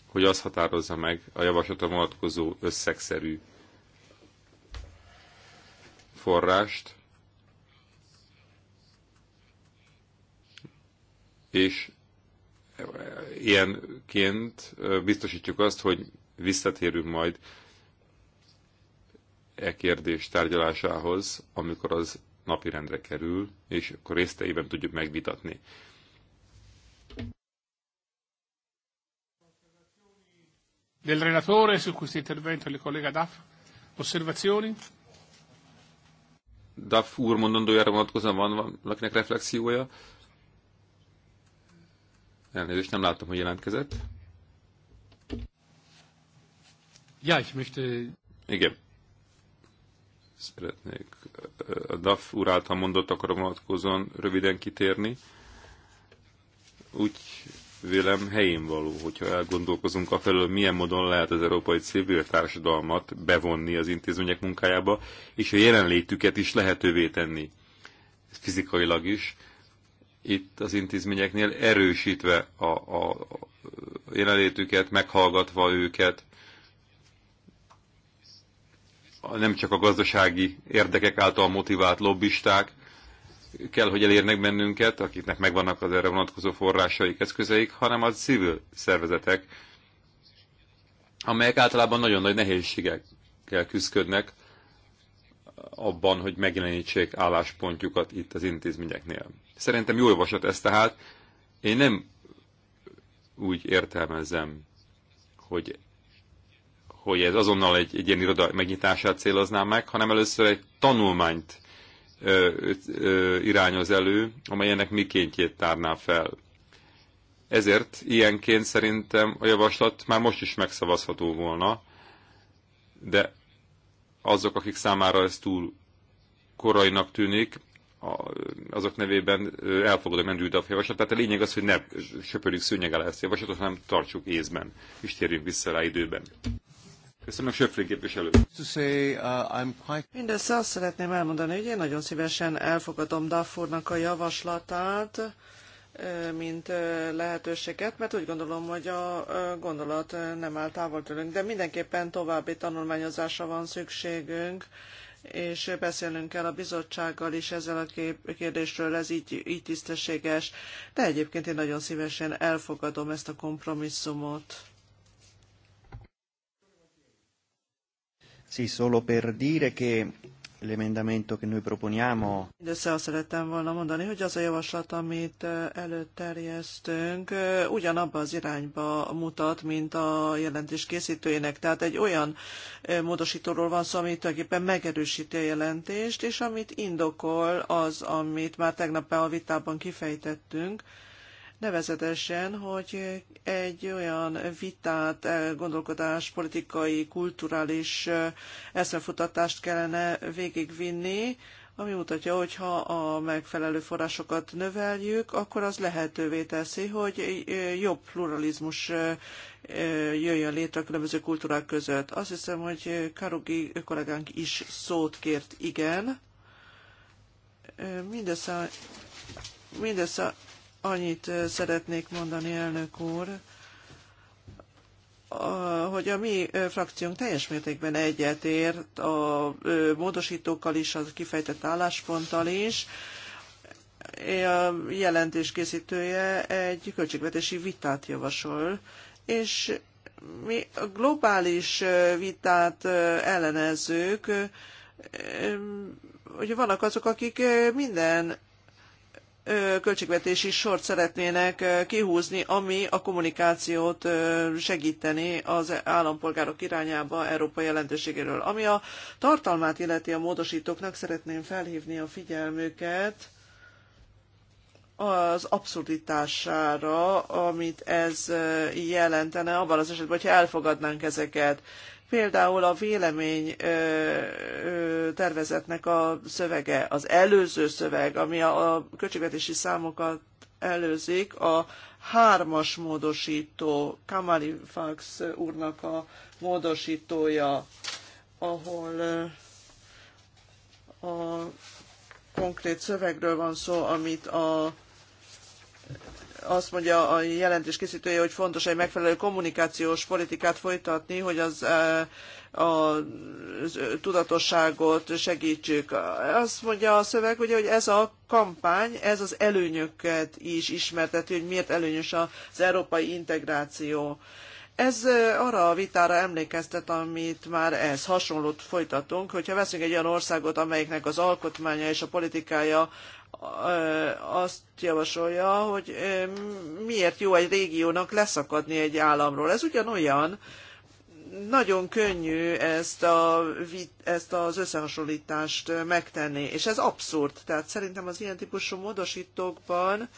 hogy az határozza meg a javaslatra vonatkozó összegszerű forrást, és eh, ilyenként biztosítjuk azt, hogy visszatérünk majd e kérdés tárgyalásához, amikor az napirendre kerül, és akkor részteiben tudjuk megvitatni. Del relatore su questo intervento il collega Duff. Osservazioni? Duff úr mondandójára vonatkozóan van valakinek reflexiója? Elnézést, nem láttam, hogy jelentkezett. Ja, ich möchte... Igen. Szeretnék a DAF úr által mondottakra vonatkozóan röviden kitérni. Úgy vélem helyén való, hogyha elgondolkozunk a felől, milyen módon lehet az európai civil társadalmat bevonni az intézmények munkájába, és a jelenlétüket is lehetővé tenni, fizikailag is, itt az intézményeknél erősítve a, a, a jelenlétüket, meghallgatva őket, nem csak a gazdasági érdekek által motivált lobbisták kell, hogy elérnek bennünket, akiknek megvannak az erre vonatkozó forrásaik, eszközeik, hanem az civil szervezetek, amelyek általában nagyon nagy nehézségekkel küzdködnek abban, hogy megjelenítsék álláspontjukat itt az intézményeknél. Szerintem jó javaslat ez tehát. Én nem úgy értelmezem, hogy, hogy ez azonnal egy, egy ilyen iroda megnyitását céloznám meg, hanem először egy tanulmányt ö, ö, irányoz elő, amely ennek mikéntjét tárná fel. Ezért ilyenként szerintem a javaslat már most is megszavazható volna, de azok, akik számára ez túl korainak tűnik, azok nevében elfogadom Andrew Duff tehát A lényeg az, hogy ne söpörjük szőnyeg alá ezt javaslatot, hanem tartsuk észben, és térjünk vissza rá időben. Köszönöm, Söpflin képviselő. Uh, Mindössze azt szeretném elmondani, hogy én nagyon szívesen elfogadom Duffurnak a javaslatát, mint lehetőséget, mert úgy gondolom, hogy a gondolat nem áll távol tőlünk, de mindenképpen további tanulmányozásra van szükségünk, és beszélnünk kell a bizottsággal is ezzel a kérdésről, ez így, így tisztességes, de egyébként én nagyon szívesen elfogadom ezt a kompromisszumot. Sí, solo per dire che l'emendamento che noi proponiamo. Mindössze azt szerettem volna mondani, hogy az a javaslat, amit előterjesztünk, ugyanabba az irányba mutat, mint a jelentés készítőjének. Tehát egy olyan módosítóról van szó, ami tulajdonképpen megerősíti a jelentést, és amit indokol az, amit már tegnap a vitában kifejtettünk, nevezetesen, hogy egy olyan vitát, eh, gondolkodás, politikai, kulturális eh, eszmefutatást kellene végigvinni, ami mutatja, hogy ha a megfelelő forrásokat növeljük, akkor az lehetővé teszi, hogy eh, jobb pluralizmus jöjjön létre a különböző kultúrák között. Azt hiszem, hogy Karugi kollégánk is szót kért, igen. Mindössze, mindössze annyit szeretnék mondani, elnök úr, hogy a mi frakciónk teljes mértékben egyetért a módosítókkal is, a kifejtett állásponttal is. A jelentés készítője egy költségvetési vitát javasol, és mi a globális vitát ellenezzük, hogy vannak azok, akik minden költségvetési sort szeretnének kihúzni, ami a kommunikációt segíteni az állampolgárok irányába Európa jelentőségéről. Ami a tartalmát illeti a módosítóknak, szeretném felhívni a figyelmüket az abszurditására, amit ez jelentene abban az esetben, hogyha elfogadnánk ezeket. Például a vélemény tervezetnek a szövege, az előző szöveg, ami a költségvetési számokat előzik, a hármas módosító, Kamali Fax úrnak a módosítója, ahol a konkrét szövegről van szó, amit a azt mondja a jelentés készítője, hogy fontos egy megfelelő kommunikációs politikát folytatni, hogy az e, a tudatosságot segítsük. Azt mondja a szöveg, ugye, hogy ez a kampány, ez az előnyöket is ismerteti, hogy miért előnyös az európai integráció. Ez e, arra a vitára emlékeztet, amit már ez hasonlót folytatunk, hogyha veszünk egy olyan országot, amelyiknek az alkotmánya és a politikája azt javasolja, hogy miért jó egy régiónak leszakadni egy államról. Ez ugyanolyan, nagyon könnyű ezt, a, ezt az összehasonlítást megtenni, és ez abszurd. Tehát szerintem az ilyen típusú módosítókban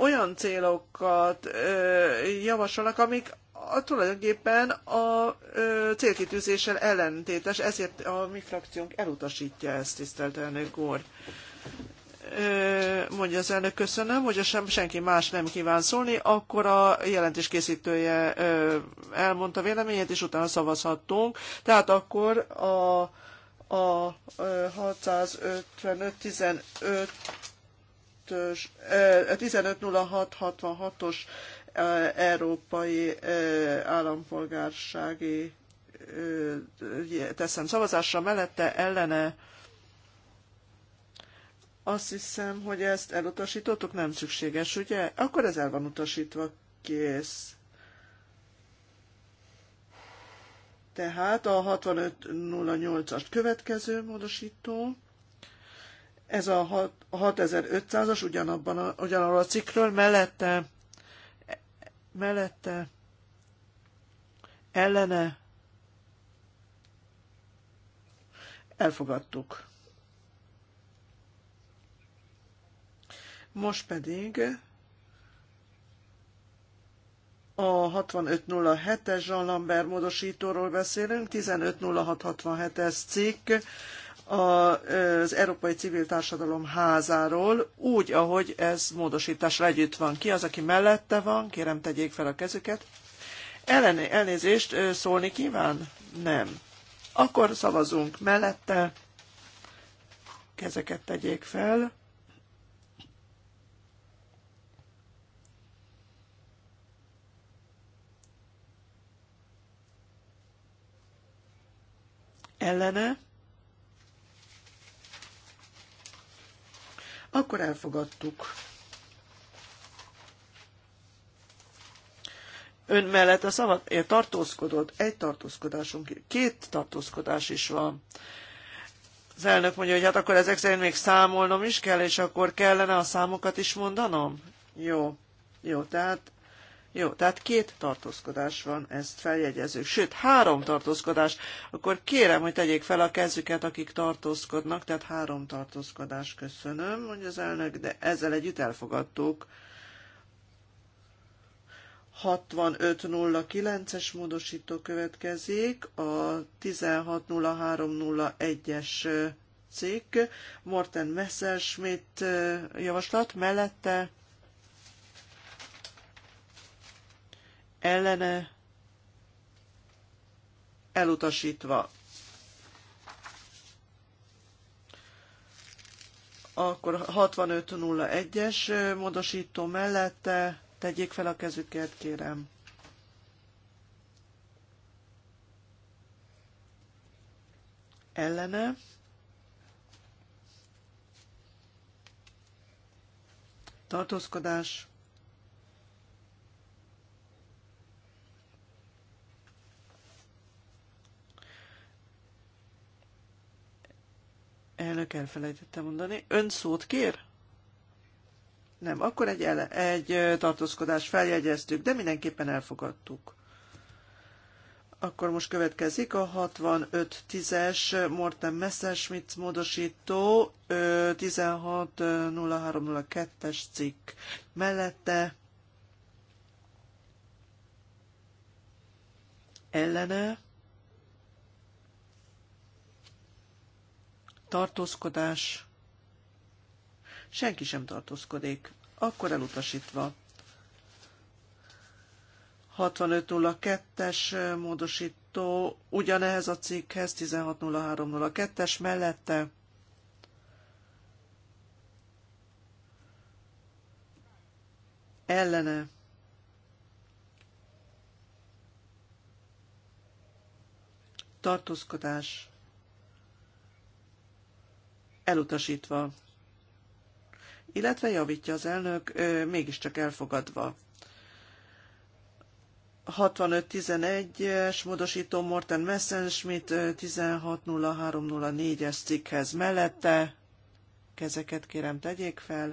olyan célokat javasolnak, amik a, tulajdonképpen a ö, célkitűzéssel ellentétes, ezért a mi frakciónk elutasítja ezt, tisztelt elnök úr mondja az elnök, köszönöm, hogyha sem, senki más nem kíván szólni, akkor a jelentés készítője elmondta véleményét, és utána szavazhattunk. Tehát akkor a, a 655 1506-66-os európai állampolgársági teszem szavazásra mellette ellene azt hiszem, hogy ezt elutasítottuk, nem szükséges, ugye? Akkor ez el van utasítva, kész. Tehát a 6508-as következő módosító, ez a 6500-as ugyanabban a, ugyanabban a cikkről, mellette, mellette, ellene, elfogadtuk. Most pedig a 6507-es Jean Lambert módosítóról beszélünk, 150667-es cikk az Európai Civil Társadalom házáról, úgy, ahogy ez módosításra együtt van. Ki az, aki mellette van? Kérem, tegyék fel a kezüket. Ellen, elnézést, szólni kíván? Nem. Akkor szavazunk mellette. Kezeket tegyék fel. ellene, akkor elfogadtuk. Ön mellett a szavat Én eh, tartózkodott, egy tartózkodásunk, két tartózkodás is van. Az elnök mondja, hogy hát akkor ezek szerint még számolnom is kell, és akkor kellene a számokat is mondanom? Jó, jó, tehát jó, tehát két tartózkodás van, ezt feljegyezzük. Sőt, három tartózkodás. Akkor kérem, hogy tegyék fel a kezüket, akik tartózkodnak, tehát három tartózkodás. Köszönöm, mondja az elnök, de ezzel együtt elfogadtuk. 6509-es módosító következik, a 160301-es cikk, Morten Messerschmidt javaslat mellette ellene elutasítva. Akkor 6501-es módosító mellette tegyék fel a kezüket, kérem. Ellene. Tartózkodás. Elnök elfelejtette mondani. Ön szót kér? Nem, akkor egy, ele, egy tartózkodás feljegyeztük, de mindenképpen elfogadtuk. Akkor most következik a 65-10-es Morten Messerschmitt módosító 160302-es cikk mellette ellene tartózkodás, senki sem tartózkodik, akkor elutasítva. 6502-es módosító ugyanehez a cikkhez 160302-es mellette ellene tartózkodás elutasítva, illetve javítja az elnök, mégiscsak elfogadva. 11 es módosító Morten Messenschmidt 160304-es cikkhez mellette. Kezeket kérem tegyék fel.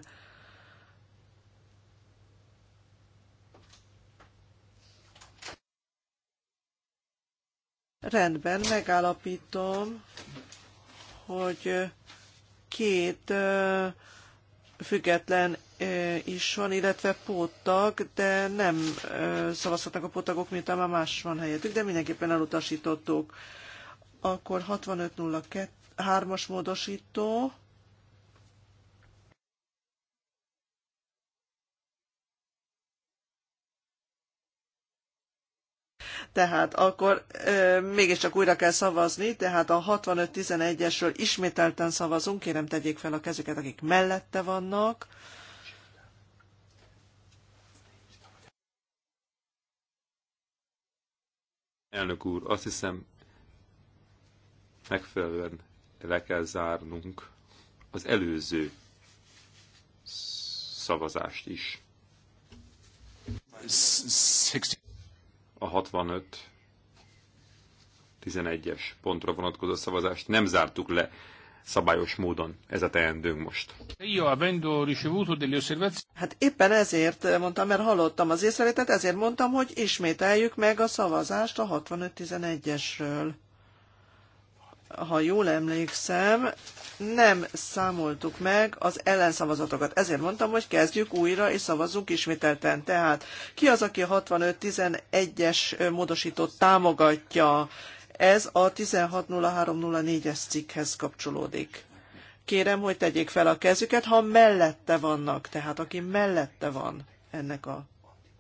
Rendben, megállapítom, hogy két független is van, illetve póttag, de nem szavazhatnak a póttagok, mint már más van helyettük, de mindenképpen elutasítottuk. Akkor 6502 3-as módosító Tehát akkor ö, mégiscsak újra kell szavazni, tehát a 65-11-esről ismételten szavazunk, kérem tegyék fel a kezüket, akik mellette vannak. Elnök úr, azt hiszem megfelelően le kell zárnunk az előző szavazást is. 60 a 65 11-es pontra vonatkozó szavazást nem zártuk le szabályos módon. Ez a teendőnk most. Hát éppen ezért mondtam, mert hallottam az észrevételt, ezért mondtam, hogy ismételjük meg a szavazást a 65-11-esről ha jól emlékszem, nem számoltuk meg az ellenszavazatokat. Ezért mondtam, hogy kezdjük újra, és szavazzunk ismételten. Tehát ki az, aki a 65-11-es módosítót támogatja? Ez a 160304-es cikkhez kapcsolódik. Kérem, hogy tegyék fel a kezüket, ha mellette vannak, tehát aki mellette van ennek a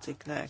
cikknek.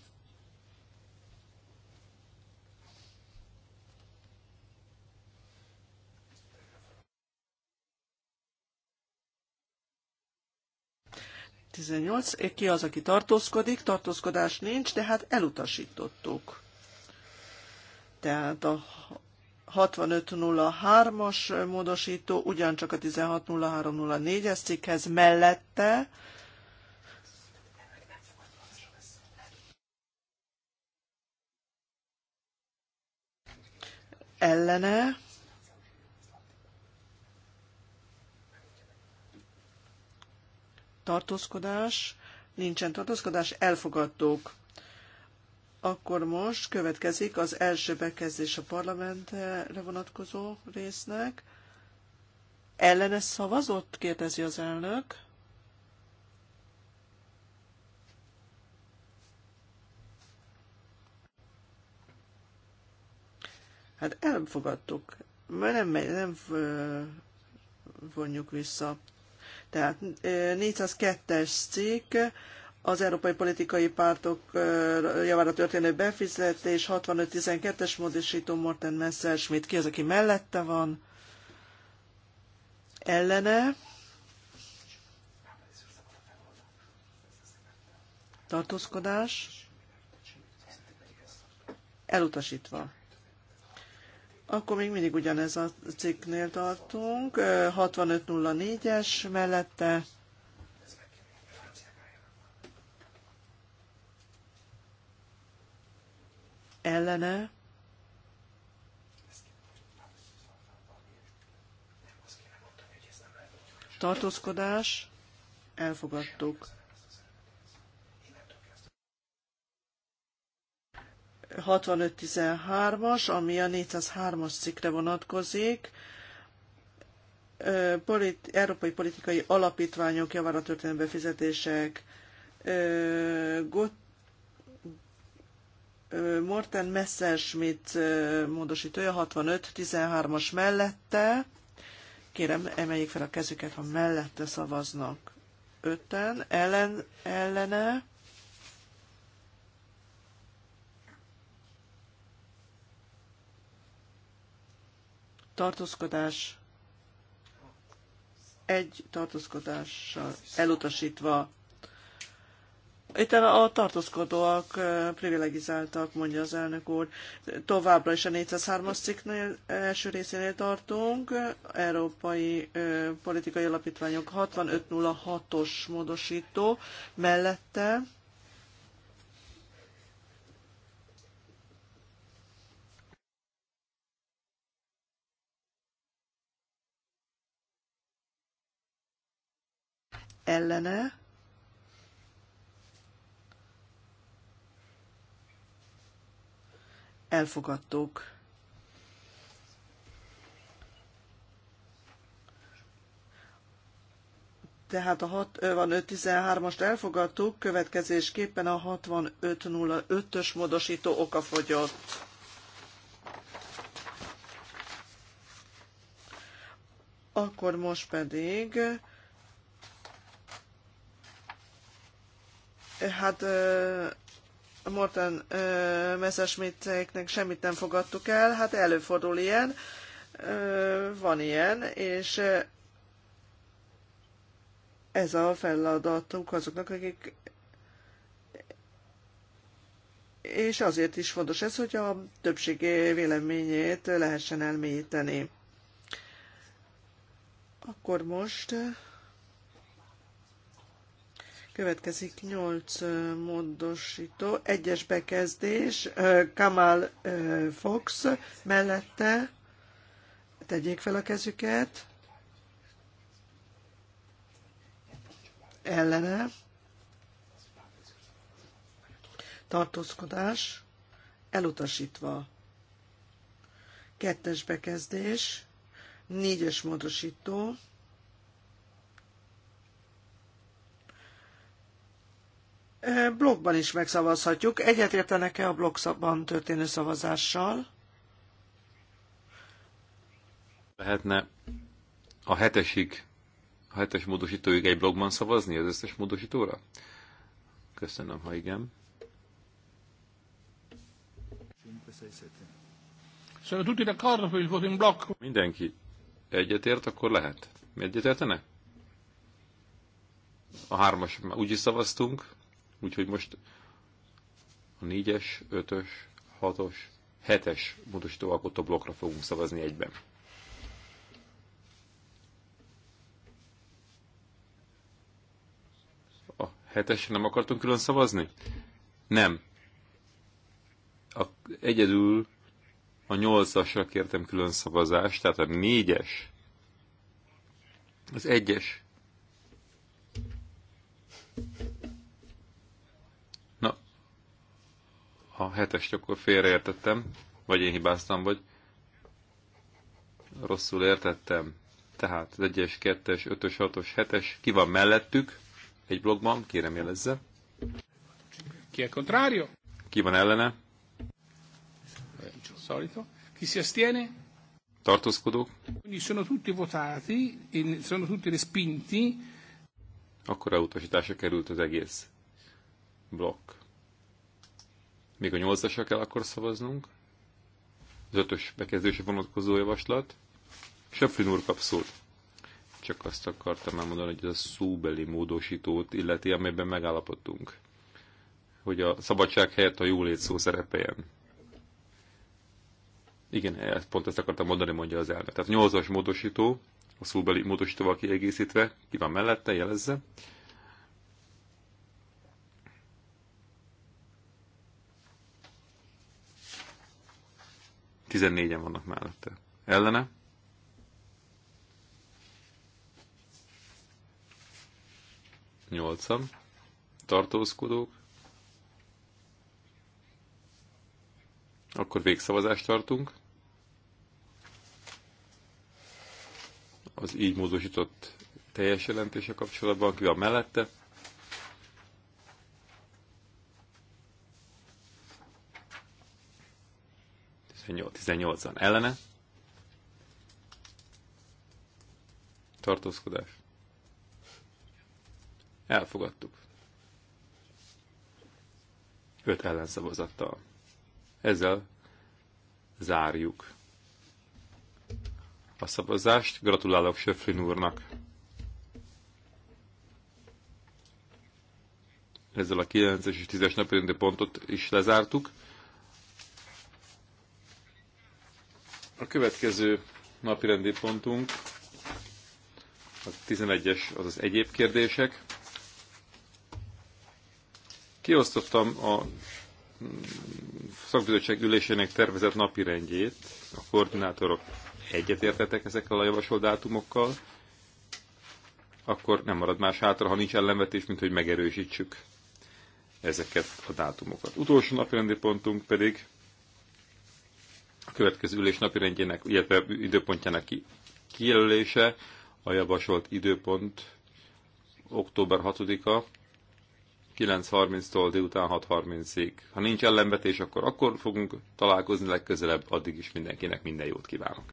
18. Eh, ki az, aki tartózkodik? Tartózkodás nincs, de hát elutasítottuk. Tehát a 6503-as módosító ugyancsak a 160304-es cikkhez mellette ellene tartózkodás, nincsen tartózkodás, elfogadtuk. Akkor most következik az első bekezdés a parlamentre vonatkozó résznek. Ellene szavazott? kérdezi az elnök. Hát elfogadtuk, mert nem, nem vonjuk vissza. Tehát 402-es cikk, az európai politikai pártok javára történő befizetés, 65-12-es módosító Morten Messerschmidt. Ki az, aki mellette van? Ellene? Tartózkodás? Elutasítva. Akkor még mindig ugyanez a cikknél tartunk. 6504-es mellette. Ellene. Tartózkodás. Elfogadtuk. 6513-as, ami a 403-as cikkre vonatkozik, polit, európai politikai alapítványok javára történő befizetések, Gott, Morten Messerschmidt módosítója 65-13-as mellette. Kérem, emeljék fel a kezüket, ha mellette szavaznak. Öten ellen, ellene tartózkodás, egy tartózkodással elutasítva. Itt a tartózkodóak eh, privilegizáltak, mondja az elnök úr. Továbbra is a 403-as cikknél első részénél tartunk. Európai eh, Politikai Alapítványok 6506-os módosító mellette ellene, elfogadtuk. Tehát a 65 ast elfogadtuk, következésképpen a 6505 ös módosító fogyott. Akkor most pedig hát Morten Messerschmitteknek semmit nem fogadtuk el, hát előfordul ilyen, van ilyen, és ez a feladatunk azoknak, akik és azért is fontos ez, hogy a többség véleményét lehessen elmélyíteni. Akkor most Következik 8 módosító, egyes bekezdés, Kamal Fox mellette, tegyék fel a kezüket, ellene, tartózkodás, elutasítva. Kettes bekezdés, négyes módosító, Blogban is megszavazhatjuk. Egyetértenek-e a blogban történő szavazással? Lehetne a hetesig, a hetes módosítóig egy blogban szavazni az összes módosítóra? Köszönöm, ha igen. Mindenki egyetért, akkor lehet. egyetértene? A hármas, úgy is szavaztunk, Úgyhogy most a 4-es, 5-ös, 6-os, 7-es módosító alkotó blokkra fogunk szavazni egyben. A 7-es nem akartunk külön szavazni? Nem. A, egyedül a 8-asra kértem külön szavazást, tehát a 4-es, az 1-es, a hetest akkor félreértettem, vagy én hibáztam, vagy rosszul értettem. Tehát az 1-es, 2-es, 5-ös, 6-os, 7-es, ki van mellettük egy blogban, kérem jelezze. Ki a contrario? Ki van ellene? Solito. Chi si astiene? Tartózkodók. Quindi sono tutti votati, e sono tutti respinti. Akkor a utasításra került az egész blokk. Még a nyolcasra kell akkor szavaznunk. Az ötös bekezdése vonatkozó javaslat. Söpflin úr kap szót. Csak azt akartam elmondani, hogy ez a szóbeli módosítót illeti, amelyben megállapodtunk. Hogy a szabadság helyett a jólét szó szerepeljen. Igen, pont ezt akartam mondani, mondja az elnök. Tehát a nyolcas módosító, a szóbeli módosítóval kiegészítve, ki van mellette, jelezze. 14-en vannak mellette. Ellene? Nyolcan. Tartózkodók. Akkor végszavazást tartunk. Az így módosított teljes jelentése kapcsolatban, ki van mellette. 18-an ellene. Tartózkodás. Elfogadtuk. 5 ellenszavazattal. Ezzel zárjuk a szavazást. Gratulálok Söfrin úrnak! Ezzel a 9-es és 10-es napirendi pontot is lezártuk. A következő napirendi pontunk a 11-es, az az egyéb kérdések. Kiosztottam a szakbizottság ülésének tervezett napirendjét. A koordinátorok egyetértetek ezekkel a javasolt dátumokkal, akkor nem marad más hátra, ha nincs ellenvetés, mint hogy megerősítsük ezeket a dátumokat. Utolsó napirendi pontunk pedig a következő ülés napirendjének, illetve időpontjának kijelölése, a javasolt időpont október 6-a, 9.30-tól délután 6.30-ig. Ha nincs ellenvetés, akkor akkor fogunk találkozni legközelebb, addig is mindenkinek minden jót kívánok.